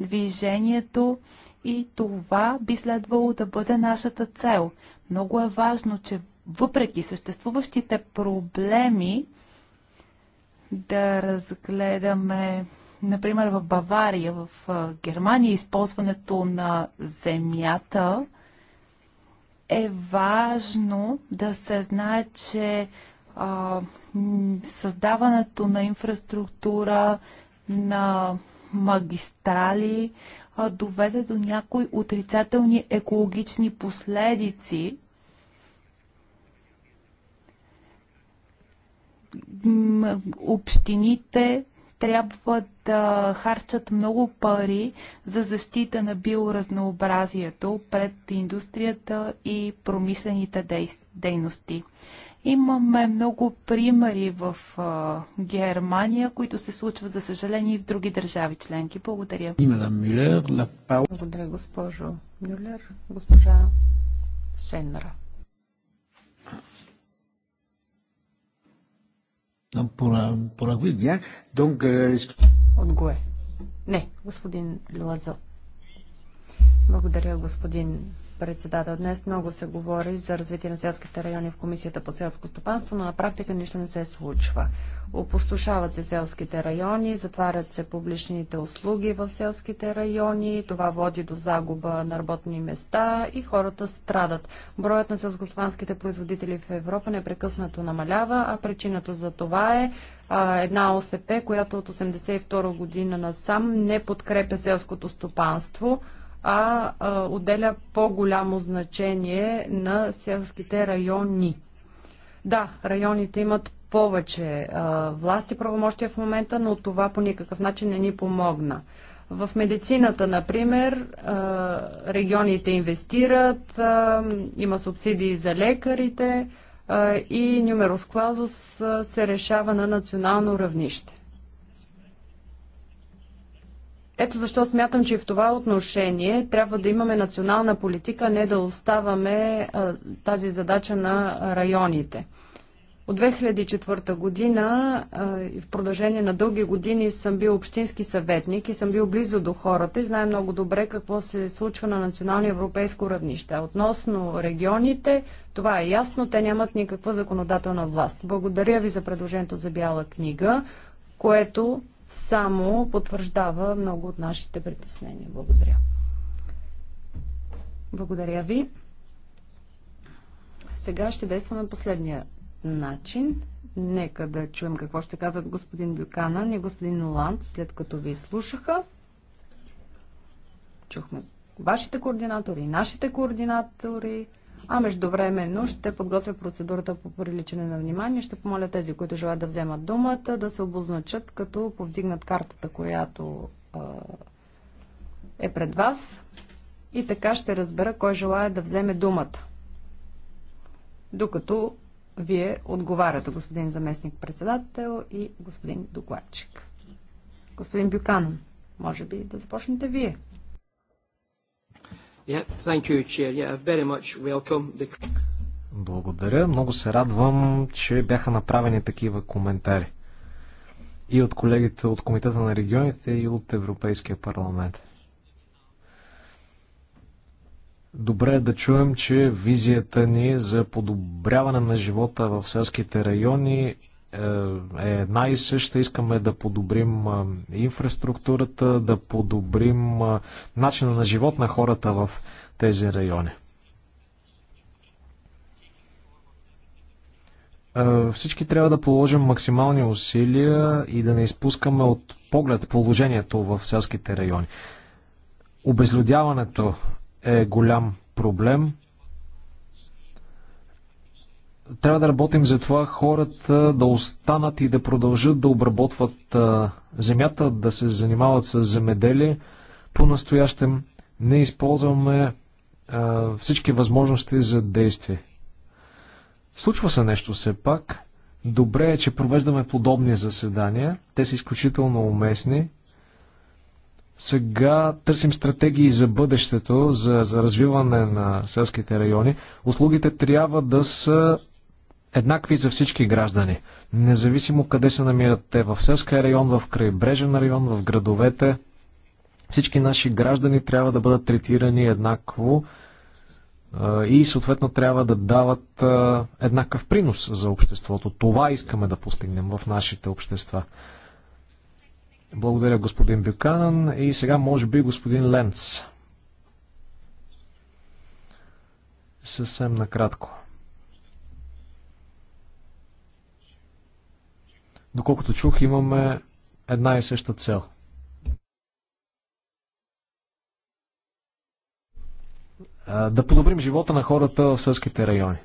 движението и това би следвало да бъде нашата цел. Много е важно, че въпреки съществуващите проблеми, да разгледаме, например, в Бавария, в Германия, използването на земята е важно да се знае, че а, създаването на инфраструктура, на магистрали а, доведе до някои отрицателни екологични последици общините трябва да харчат много пари за защита на биоразнообразието пред индустрията и промишлените дейности. Имаме много примери в Германия, които се случват, за съжаление, и в други държави членки. Благодаря. Благодаря, госпожо Мюллер. Госпожа Шенра. pour la, pour la oui, bien. Donc, euh... От Гое. Не, господин Лазо. Благодаря, господин председател. Днес много се говори за развитие на селските райони в Комисията по селско стопанство, но на практика нищо не се случва. Опустошават се селските райони, затварят се публичните услуги в селските райони, това води до загуба на работни места и хората страдат. Броят на селскостопанските производители в Европа непрекъснато намалява, а причината за това е а, една ОСП, която от 1982 година насам не подкрепя селското стопанство а, а отделя по-голямо значение на селските райони. Да, районите имат повече а, власти правомощия в момента, но това по никакъв начин не ни помогна. В медицината, например, а, регионите инвестират, а, има субсидии за лекарите а, и нюмерос се решава на национално равнище. Ето защо смятам, че в това отношение трябва да имаме национална политика, не да оставаме а, тази задача на районите. От 2004 година и в продължение на дълги години съм бил общински съветник и съм бил близо до хората и знае много добре какво се случва на национално европейско равнище. Относно регионите, това е ясно, те нямат никаква законодателна власт. Благодаря ви за предложението за бяла книга, което само потвърждава много от нашите притеснения. Благодаря. Благодаря ви. Сега ще действаме последния начин. Нека да чуем какво ще казват господин Бюканан и господин Ланд, след като ви слушаха. Чухме вашите координатори, нашите координатори. А междувременно ще подготвя процедурата по приличане на внимание. Ще помоля тези, които желаят да вземат думата, да се обозначат, като повдигнат картата, която е пред вас. И така ще разбера кой желая да вземе думата. Докато вие отговаряте, господин заместник председател и господин докладчик. Господин Бюкан, може би да започнете вие. Благодаря. Много се радвам, че бяха направени такива коментари. И от колегите от Комитета на регионите, и от Европейския парламент. Добре е да чуем, че визията ни за подобряване на живота в селските райони е, е една и съща. Искаме да подобрим инфраструктурата, да подобрим начина на живот на хората в тези райони. Всички трябва да положим максимални усилия и да не изпускаме от поглед положението в селските райони. Обезлюдяването е голям проблем. Трябва да работим за това хората да останат и да продължат да обработват земята, да се занимават с земеделие. По-настоящем не използваме всички възможности за действие. Случва се нещо все пак. Добре е, че провеждаме подобни заседания. Те са изключително уместни. Сега търсим стратегии за бъдещето, за, за развиване на селските райони. Услугите трябва да са еднакви за всички граждани, независимо къде се намират те, в селския район, в крайбрежен район, в градовете. Всички наши граждани трябва да бъдат третирани еднакво и съответно трябва да дават еднакъв принос за обществото. Това искаме да постигнем в нашите общества. Благодаря господин Бюканан и сега може би господин Ленц. Съвсем накратко. Доколкото чух, имаме една и съща цел. Да подобрим живота на хората в сълските райони.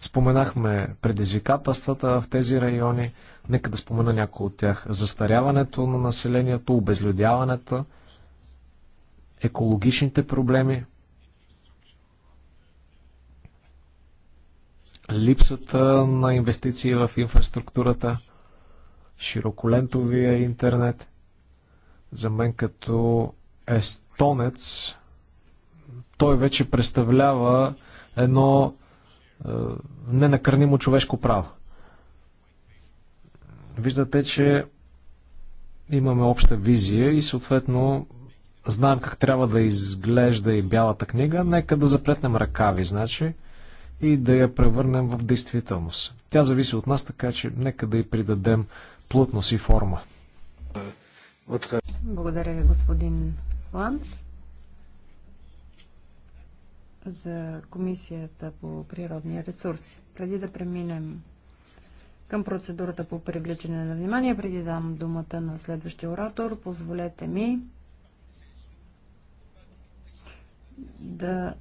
Споменахме предизвикателствата в тези райони. Нека да спомена някои от тях. Застаряването на населението, обезлюдяването, екологичните проблеми. липсата на инвестиции в инфраструктурата, широколентовия интернет. За мен като естонец, той вече представлява едно е, ненакърнимо човешко право. Виждате, че имаме обща визия и съответно знаем как трябва да изглежда и бялата книга. Нека да запретнем ръкави, значи и да я превърнем в действителност. Тя зависи от нас, така че нека да й придадем плътност и форма. Благодаря ви, господин Ланц. За Комисията по природни ресурси. Преди да преминем към процедурата по привличане на внимание, преди да дам думата на следващия оратор, позволете ми да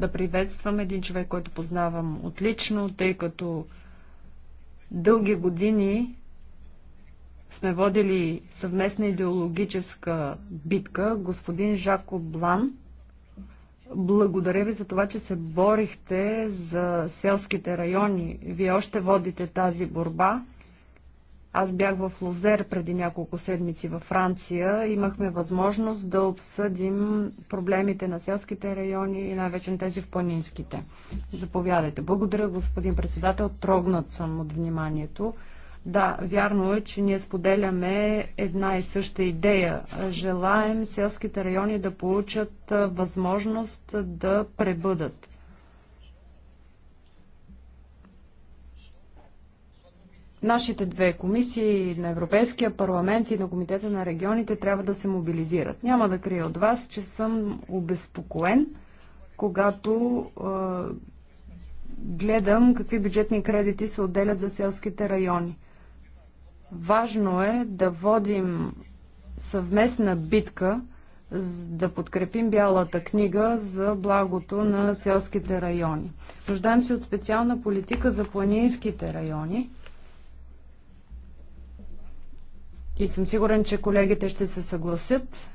да приветствам един човек, който познавам отлично, тъй като дълги години сме водили съвместна идеологическа битка. Господин Жако Блан, благодаря ви за това, че се борихте за селските райони. Вие още водите тази борба. Аз бях в Лозер преди няколко седмици във Франция. Имахме възможност да обсъдим проблемите на селските райони и най-вече тези в планинските. Заповядайте. Благодаря, господин председател. Трогнат съм от вниманието. Да, вярно е, че ние споделяме една и съща идея. Желаем селските райони да получат възможност да пребъдат. Нашите две комисии на Европейския парламент и на Комитета на регионите трябва да се мобилизират. Няма да крия от вас, че съм обезпокоен, когато е, гледам какви бюджетни кредити се отделят за селските райони. Важно е да водим съвместна битка, да подкрепим Бялата книга за благото на селските райони. Нуждаем се от специална политика за планинските райони и съм сигурен, че колегите ще се съгласят,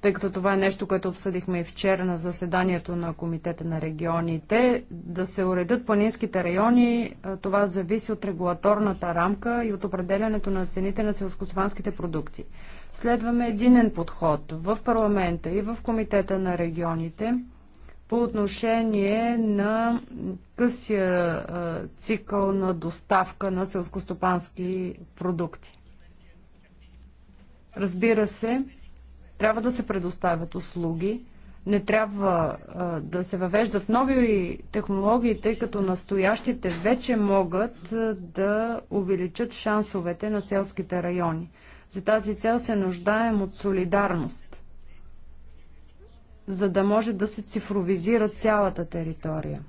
тъй като това е нещо, което обсъдихме и вчера на заседанието на Комитета на регионите, да се уредят планинските райони, това зависи от регулаторната рамка и от определянето на цените на селскостопанските продукти. Следваме единен подход в парламента и в Комитета на регионите – по отношение на късия цикъл на доставка на селскостопански продукти. Разбира се, трябва да се предоставят услуги, не трябва да се въвеждат нови технологии, тъй като настоящите вече могат да увеличат шансовете на селските райони. За тази цел се нуждаем от солидарност за да може да се цифровизира цялата територия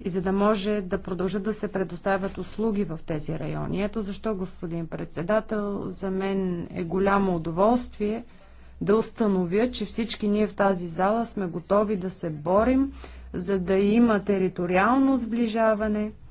и за да може да продължат да се предоставят услуги в тези райони. Ето защо, господин председател, за мен е голямо удоволствие да установя, че всички ние в тази зала сме готови да се борим, за да има териториално сближаване –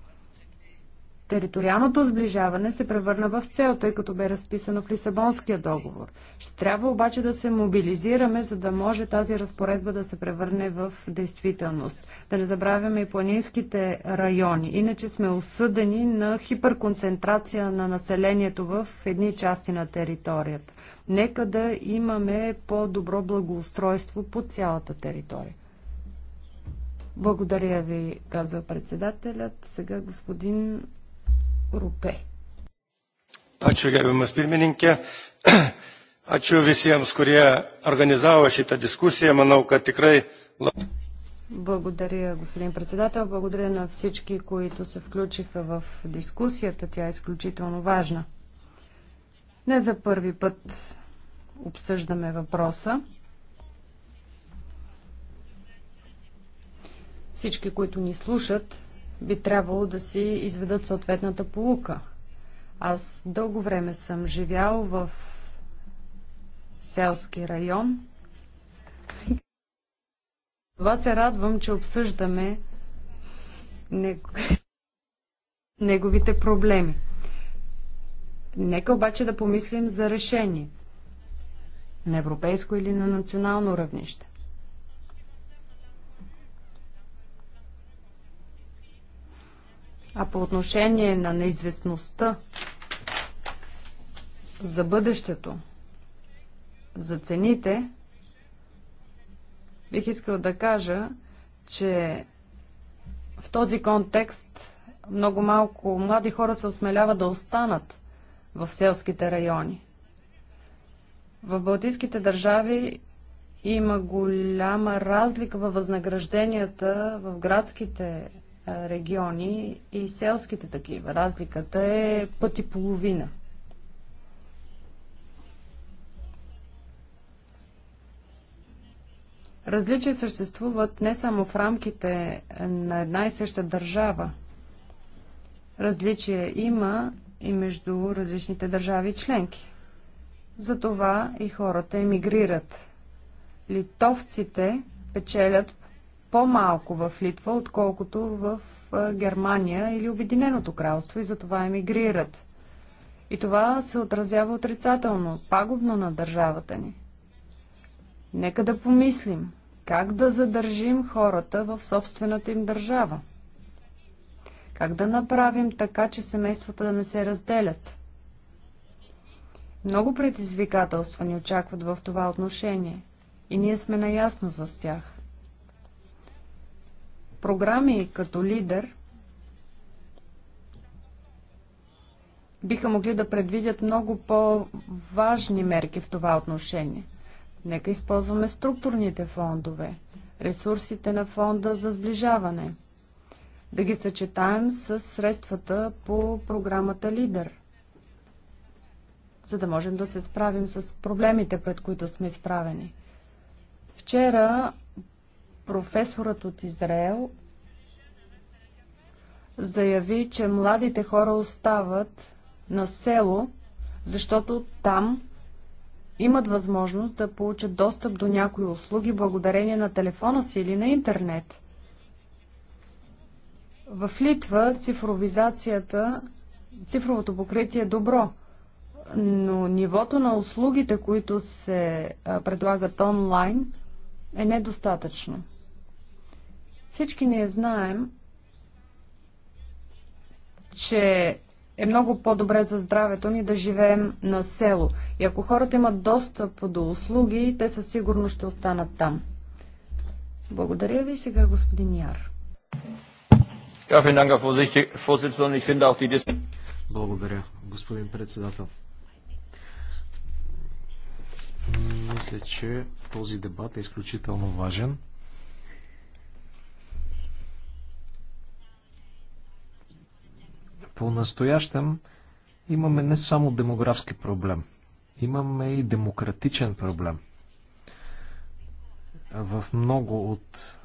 Териториалното сближаване се превърна в цел, тъй като бе разписано в Лисабонския договор. Ще трябва обаче да се мобилизираме, за да може тази разпоредба да се превърне в действителност. Да не забравяме и планинските райони. Иначе сме осъдени на хиперконцентрация на населението в едни части на територията. Нека да имаме по-добро благоустройство по цялата територия. Благодаря ви, казва председателят. Сега господин Ačiū gerbiamas pirmininkė. Ačiū visiems, kurie šitą Manau, kad tikrai. Благодаря, господин председател. Благодаря на всички, които се включиха в дискусията. Тя е изключително важна. Не за първи път обсъждаме въпроса. Всички, които ни слушат, би трябвало да си изведат съответната полука. Аз дълго време съм живял в селски район. Това се радвам, че обсъждаме неговите проблеми. Нека обаче да помислим за решение. На европейско или на национално равнище. А по отношение на неизвестността за бъдещето, за цените, бих искал да кажа, че в този контекст много малко млади хора се осмеляват да останат в селските райони. В Балтийските държави има голяма разлика във възнагражденията в градските региони и селските такива. Разликата е път и половина. Различия съществуват не само в рамките на една и съща държава. Различия има и между различните държави и членки. Затова и хората емигрират. Литовците печелят по-малко в Литва, отколкото в Германия или Обединеното кралство и затова емигрират. И това се отразява отрицателно, пагубно на държавата ни. Нека да помислим как да задържим хората в собствената им държава. Как да направим така, че семействата да не се разделят? Много предизвикателства ни очакват в това отношение и ние сме наясно за тях програми като лидер биха могли да предвидят много по-важни мерки в това отношение. Нека използваме структурните фондове, ресурсите на фонда за сближаване, да ги съчетаем с средствата по програмата Лидер, за да можем да се справим с проблемите, пред които сме изправени. Вчера професорът от Израел заяви, че младите хора остават на село, защото там имат възможност да получат достъп до някои услуги благодарение на телефона си или на интернет. В Литва цифровизацията, цифровото покритие е добро, но нивото на услугите, които се предлагат онлайн, е недостатъчно. Всички ние знаем, че е много по-добре за здравето ни да живеем на село. И ако хората имат достъп до услуги, те със сигурност ще останат там. Благодаря ви сега, господин Яр. Благодаря, господин председател. Мисля, че този дебат е изключително важен. По-настоящем имаме не само демографски проблем, имаме и демократичен проблем. В много от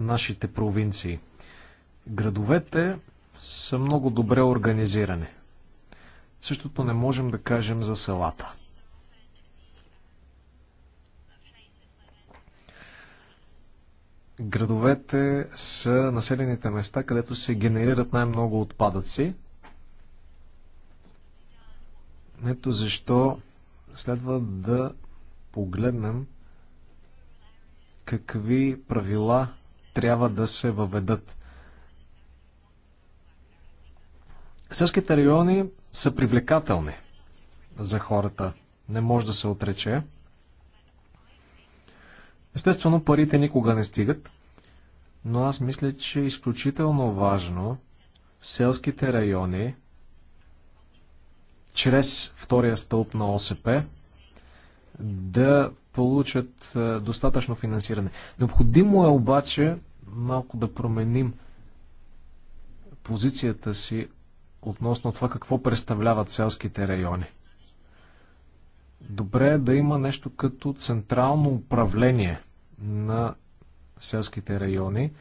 нашите провинции. Градовете са много добре организирани. Същото не можем да кажем за селата. Градовете са населените места, където се генерират най-много отпадъци. Ето защо следва да погледнем какви правила трябва да се въведат. Селските райони са привлекателни за хората. Не може да се отрече. Естествено, парите никога не стигат, но аз мисля, че е изключително важно селските райони, чрез втория стълб на ОСП, да получат е, достатъчно финансиране. Необходимо е обаче малко да променим позицията си относно това какво представляват селските райони. Добре е да има нещо като централно управление на селските райони,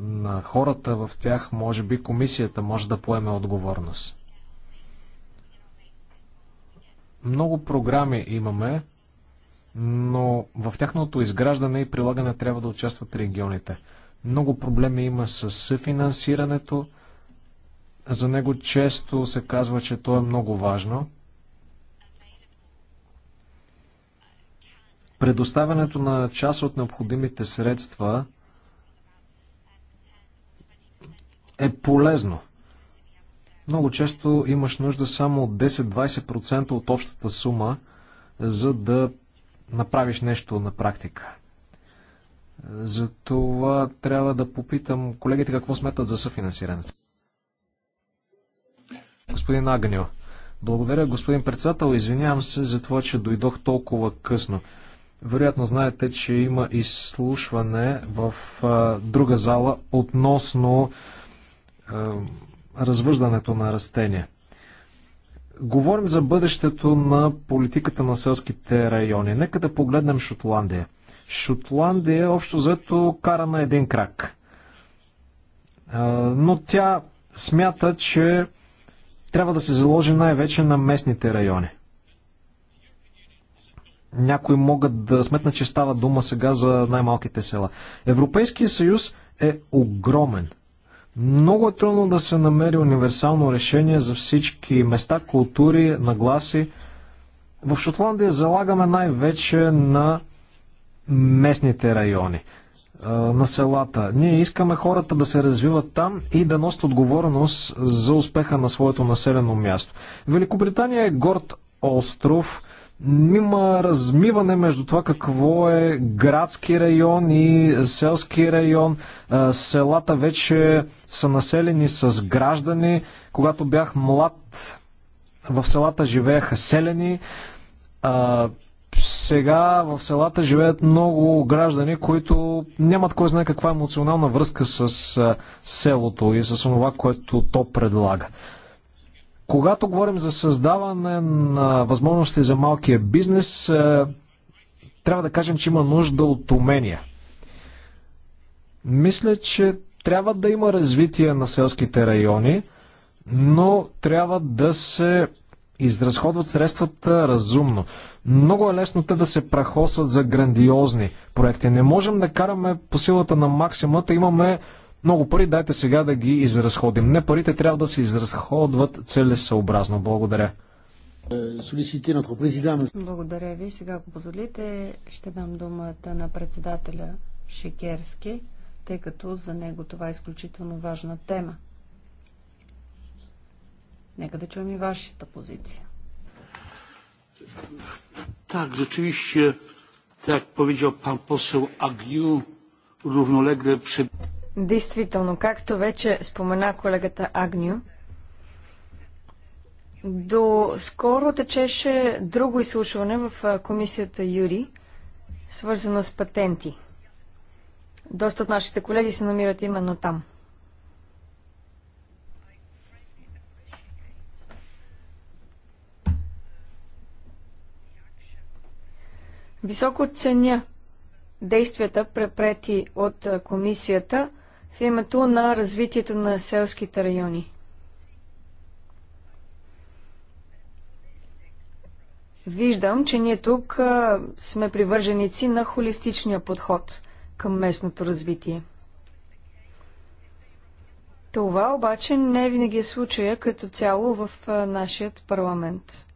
на хората в тях, може би комисията може да поеме отговорност. Много програми имаме, но в тяхното изграждане и прилагане трябва да участват регионите. Много проблеми има с съфинансирането. За него често се казва, че то е много важно. Предоставянето на част от необходимите средства е полезно. Много често имаш нужда само от 10-20% от общата сума, за да направиш нещо на практика. Затова трябва да попитам колегите какво сметат за съфинансирането. Господин Агнио, благодаря господин председател. Извинявам се за това, че дойдох толкова късно. Вероятно знаете, че има изслушване в а, друга зала относно а, развъждането на растения. Говорим за бъдещето на политиката на селските райони. Нека да погледнем Шотландия. Шотландия общо взето кара на един крак. А, но тя смята, че трябва да се заложи най-вече на местните райони. Някои могат да сметнат, че става дума сега за най-малките села. Европейския съюз е огромен. Много е трудно да се намери универсално решение за всички места, култури, нагласи. В Шотландия залагаме най-вече на местните райони, на селата. Ние искаме хората да се развиват там и да носят отговорност за успеха на своето населено място. Великобритания е горд остров, има размиване между това какво е градски район и селски район. Селата вече са населени с граждани. Когато бях млад, в селата живееха селени. Сега в селата живеят много граждани, които нямат кой знае каква емоционална връзка с селото и с това, което то предлага. Когато говорим за създаване на възможности за малкия бизнес, е, трябва да кажем, че има нужда от умения. Мисля, че трябва да има развитие на селските райони, но трябва да се изразходват средствата разумно. Много е лесно те да се прахосат за грандиозни проекти. Не можем да караме по силата на максимата. Имаме много пари, дайте сега да ги изразходим. Не, парите трябва да се изразходват целесъобразно. Благодаря. Благодаря ви. Сега, ако позволите, ще дам думата на председателя Шекерски, тъй като за него това е изключително важна тема. Нека да чуем и вашата позиция. Так, rzeczywiście, tak jak powiedział pan poseł równolegle przy... Действително, както вече спомена колегата Агню, до скоро течеше друго изслушване в комисията Юри, свързано с патенти. Доста от нашите колеги се намират именно там. Високо ценя действията, препрети от комисията в името на развитието на селските райони. Виждам, че ние тук сме привърженици на холистичния подход към местното развитие. Това обаче не е винаги е случая като цяло в нашият парламент.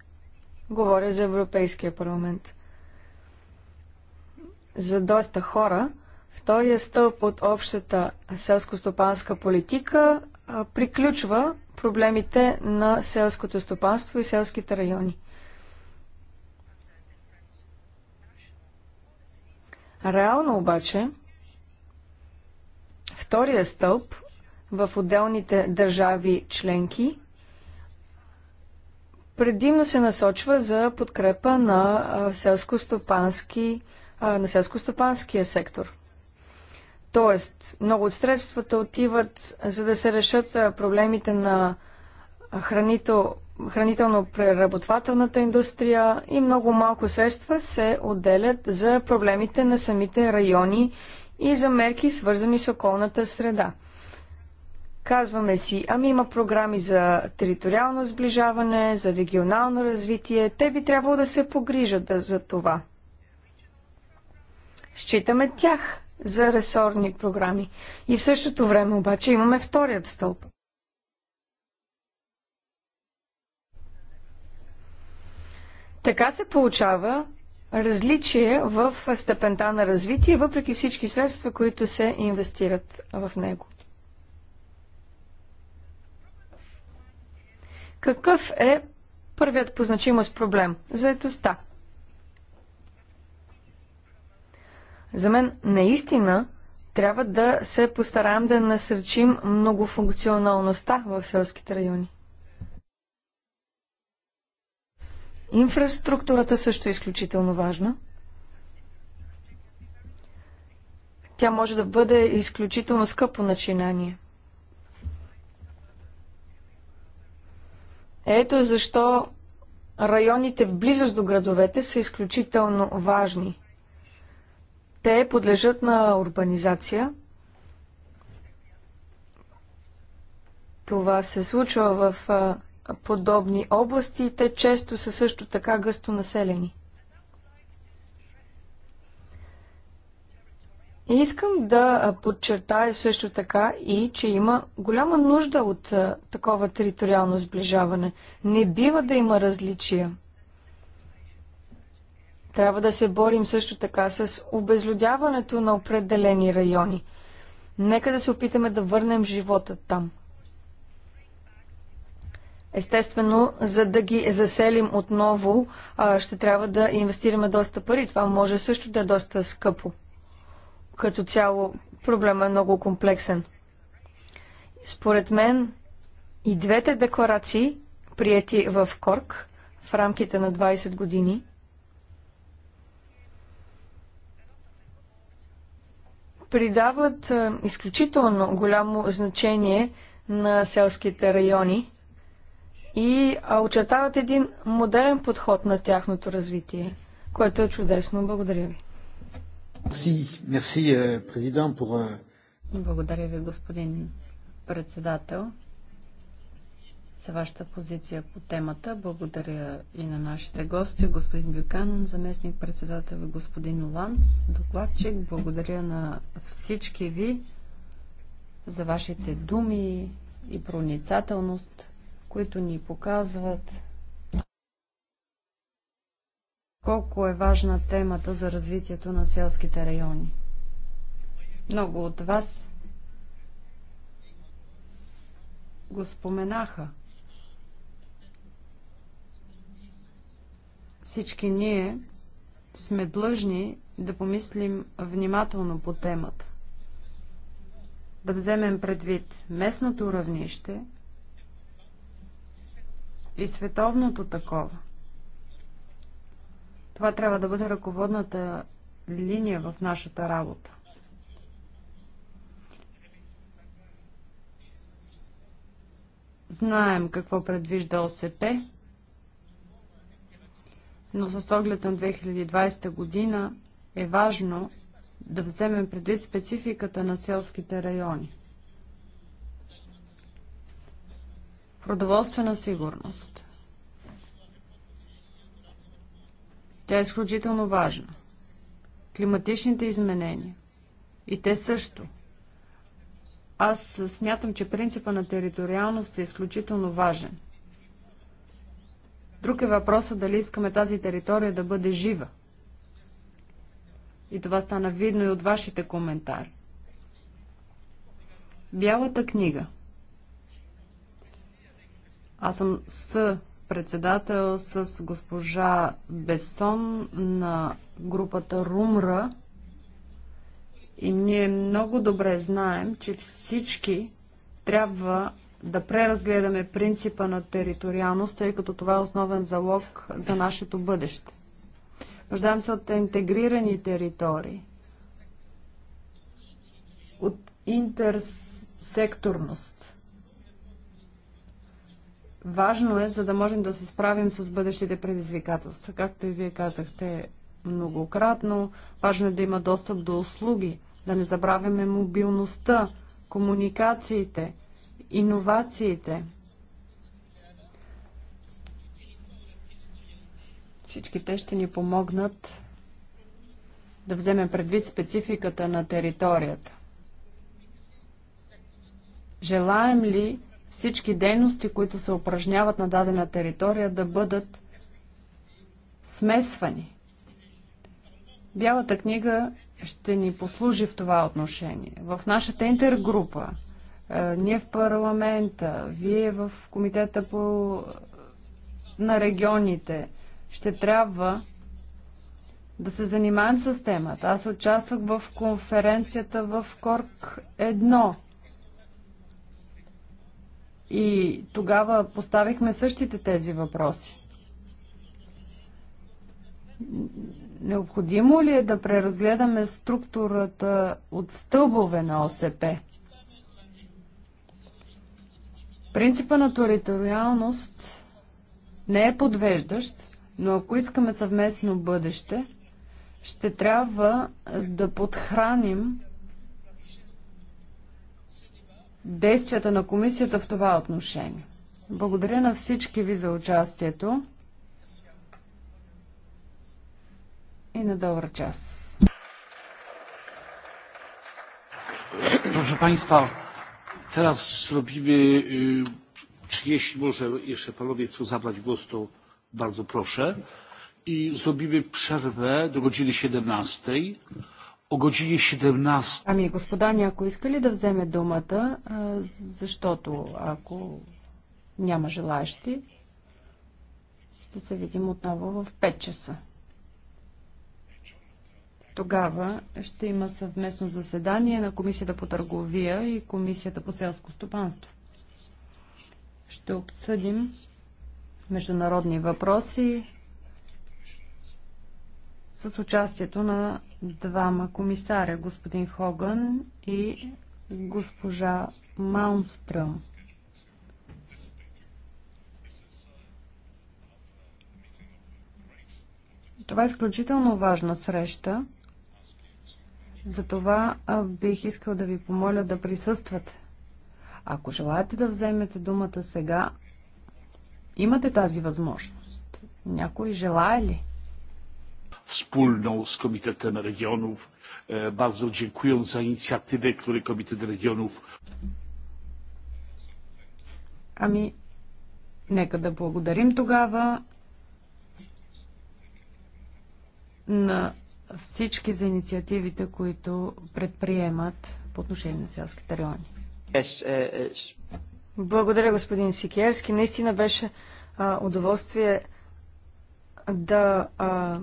Говоря за Европейския парламент. За доста хора Втория стълб от общата селско-стопанска политика приключва проблемите на селското стопанство и селските райони. Реално обаче, втория стълб в отделните държави членки предимно се насочва за подкрепа на селско-стопанския селско сектор – Тоест, много от средствата отиват за да се решат проблемите на хранително-преработвателната индустрия и много малко средства се отделят за проблемите на самите райони и за мерки, свързани с околната среда. Казваме си, ами има програми за териториално сближаване, за регионално развитие. Те би трябвало да се погрижат за това. Считаме тях за ресорни програми. И в същото време обаче имаме вторият стълб. Така се получава различие в степента на развитие, въпреки всички средства, които се инвестират в него. Какъв е първият по значимост проблем? Заетостта. За мен наистина трябва да се постараем да насърчим многофункционалността в селските райони. Инфраструктурата също е изключително важна. Тя може да бъде изключително скъпо начинание. Ето защо районите в близост до градовете са изключително важни. Те подлежат на урбанизация. Това се случва в а, подобни области и те често са също така гъсто населени. И искам да подчертая също така и, че има голяма нужда от а, такова териториално сближаване. Не бива да има различия. Трябва да се борим също така с обезлюдяването на определени райони. Нека да се опитаме да върнем живота там. Естествено, за да ги заселим отново, ще трябва да инвестираме доста пари. Това може също да е доста скъпо. Като цяло, проблема е много комплексен. Според мен, и двете декларации, прияти в Корк в рамките на 20 години, придават изключително голямо значение на селските райони и очертават един модерен подход на тяхното развитие, което е чудесно. Благодаря ви. Euh, euh, Благодаря ви, господин председател за вашата позиция по темата. Благодаря и на нашите гости, господин Бюканан, заместник председател и е господин Ланс, докладчик. Благодаря на всички ви за вашите думи и проницателност, които ни показват колко е важна темата за развитието на селските райони. Много от вас го споменаха – Всички ние сме длъжни да помислим внимателно по темата. Да вземем предвид местното равнище и световното такова. Това трябва да бъде ръководната линия в нашата работа. Знаем какво предвижда ОСП, но с оглед на 2020 година е важно да вземем предвид спецификата на селските райони. Продоволствена сигурност. Тя е изключително важна. Климатичните изменения. И те също. Аз смятам, че принципа на териториалност е изключително важен – Друг е въпросът дали искаме тази територия да бъде жива. И това стана видно и от вашите коментари. Бялата книга. Аз съм с председател с госпожа Бесон на групата Румра. И ние много добре знаем, че всички трябва да преразгледаме принципа на териториалност, тъй като това е основен залог за нашето бъдеще. Нуждаем се от интегрирани територии, от интерсекторност. Важно е, за да можем да се справим с бъдещите предизвикателства. Както и вие казахте многократно, важно е да има достъп до услуги, да не забравяме мобилността, комуникациите – иновациите. Всички те ще ни помогнат да вземем предвид спецификата на територията. Желаем ли всички дейности, които се упражняват на дадена територия, да бъдат смесвани? Бялата книга ще ни послужи в това отношение. В нашата интергрупа ние в парламента, вие в комитета по... на регионите, ще трябва да се занимаем с темата. Аз участвах в конференцията в Корк 1. И тогава поставихме същите тези въпроси. Необходимо ли е да преразгледаме структурата от стълбове на ОСП? Принципа на териториалност не е подвеждащ, но ако искаме съвместно бъдеще, ще трябва да подхраним действията на комисията в това отношение. Благодаря на всички ви за участието и на добър час. Proszę Państwa, Teraz zrobimy, czy jeśli może jeszcze panowie chcą zabrać głos, to bardzo proszę. I zrobimy przerwę do godziny 17. O godzinie 17. Ами, господа, някой иска ли да вземе думата, защото ако няма желаящи, ще се видим отново в 5 часа. Тогава ще има съвместно заседание на Комисията по търговия и Комисията по селско стопанство. Ще обсъдим международни въпроси с участието на двама комисаря, господин Хоган и госпожа Маунстръм. Това е изключително важна среща. Затова бих искал да ви помоля да присъствате. Ако желаете да вземете думата сега, имате тази възможност. Някой желая ли? с Комитета на регионов. Regionów. E, bardzo за инициативе, inicjatywę, której на регионов. Ами, нека да благодарим тогава на всички за инициативите, които предприемат по отношение на селските райони. Uh, Благодаря, господин Сикерски. Наистина беше а, удоволствие да а,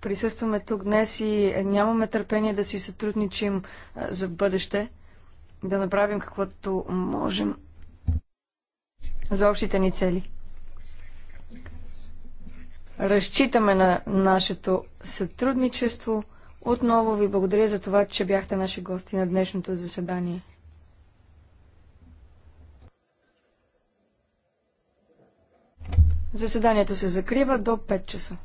присъстваме тук днес и нямаме търпение да си сътрудничим а, за бъдеще, да направим каквото можем за общите ни цели. Разчитаме на нашето сътрудничество. Отново ви благодаря за това, че бяхте наши гости на днешното заседание. Заседанието се закрива до 5 часа.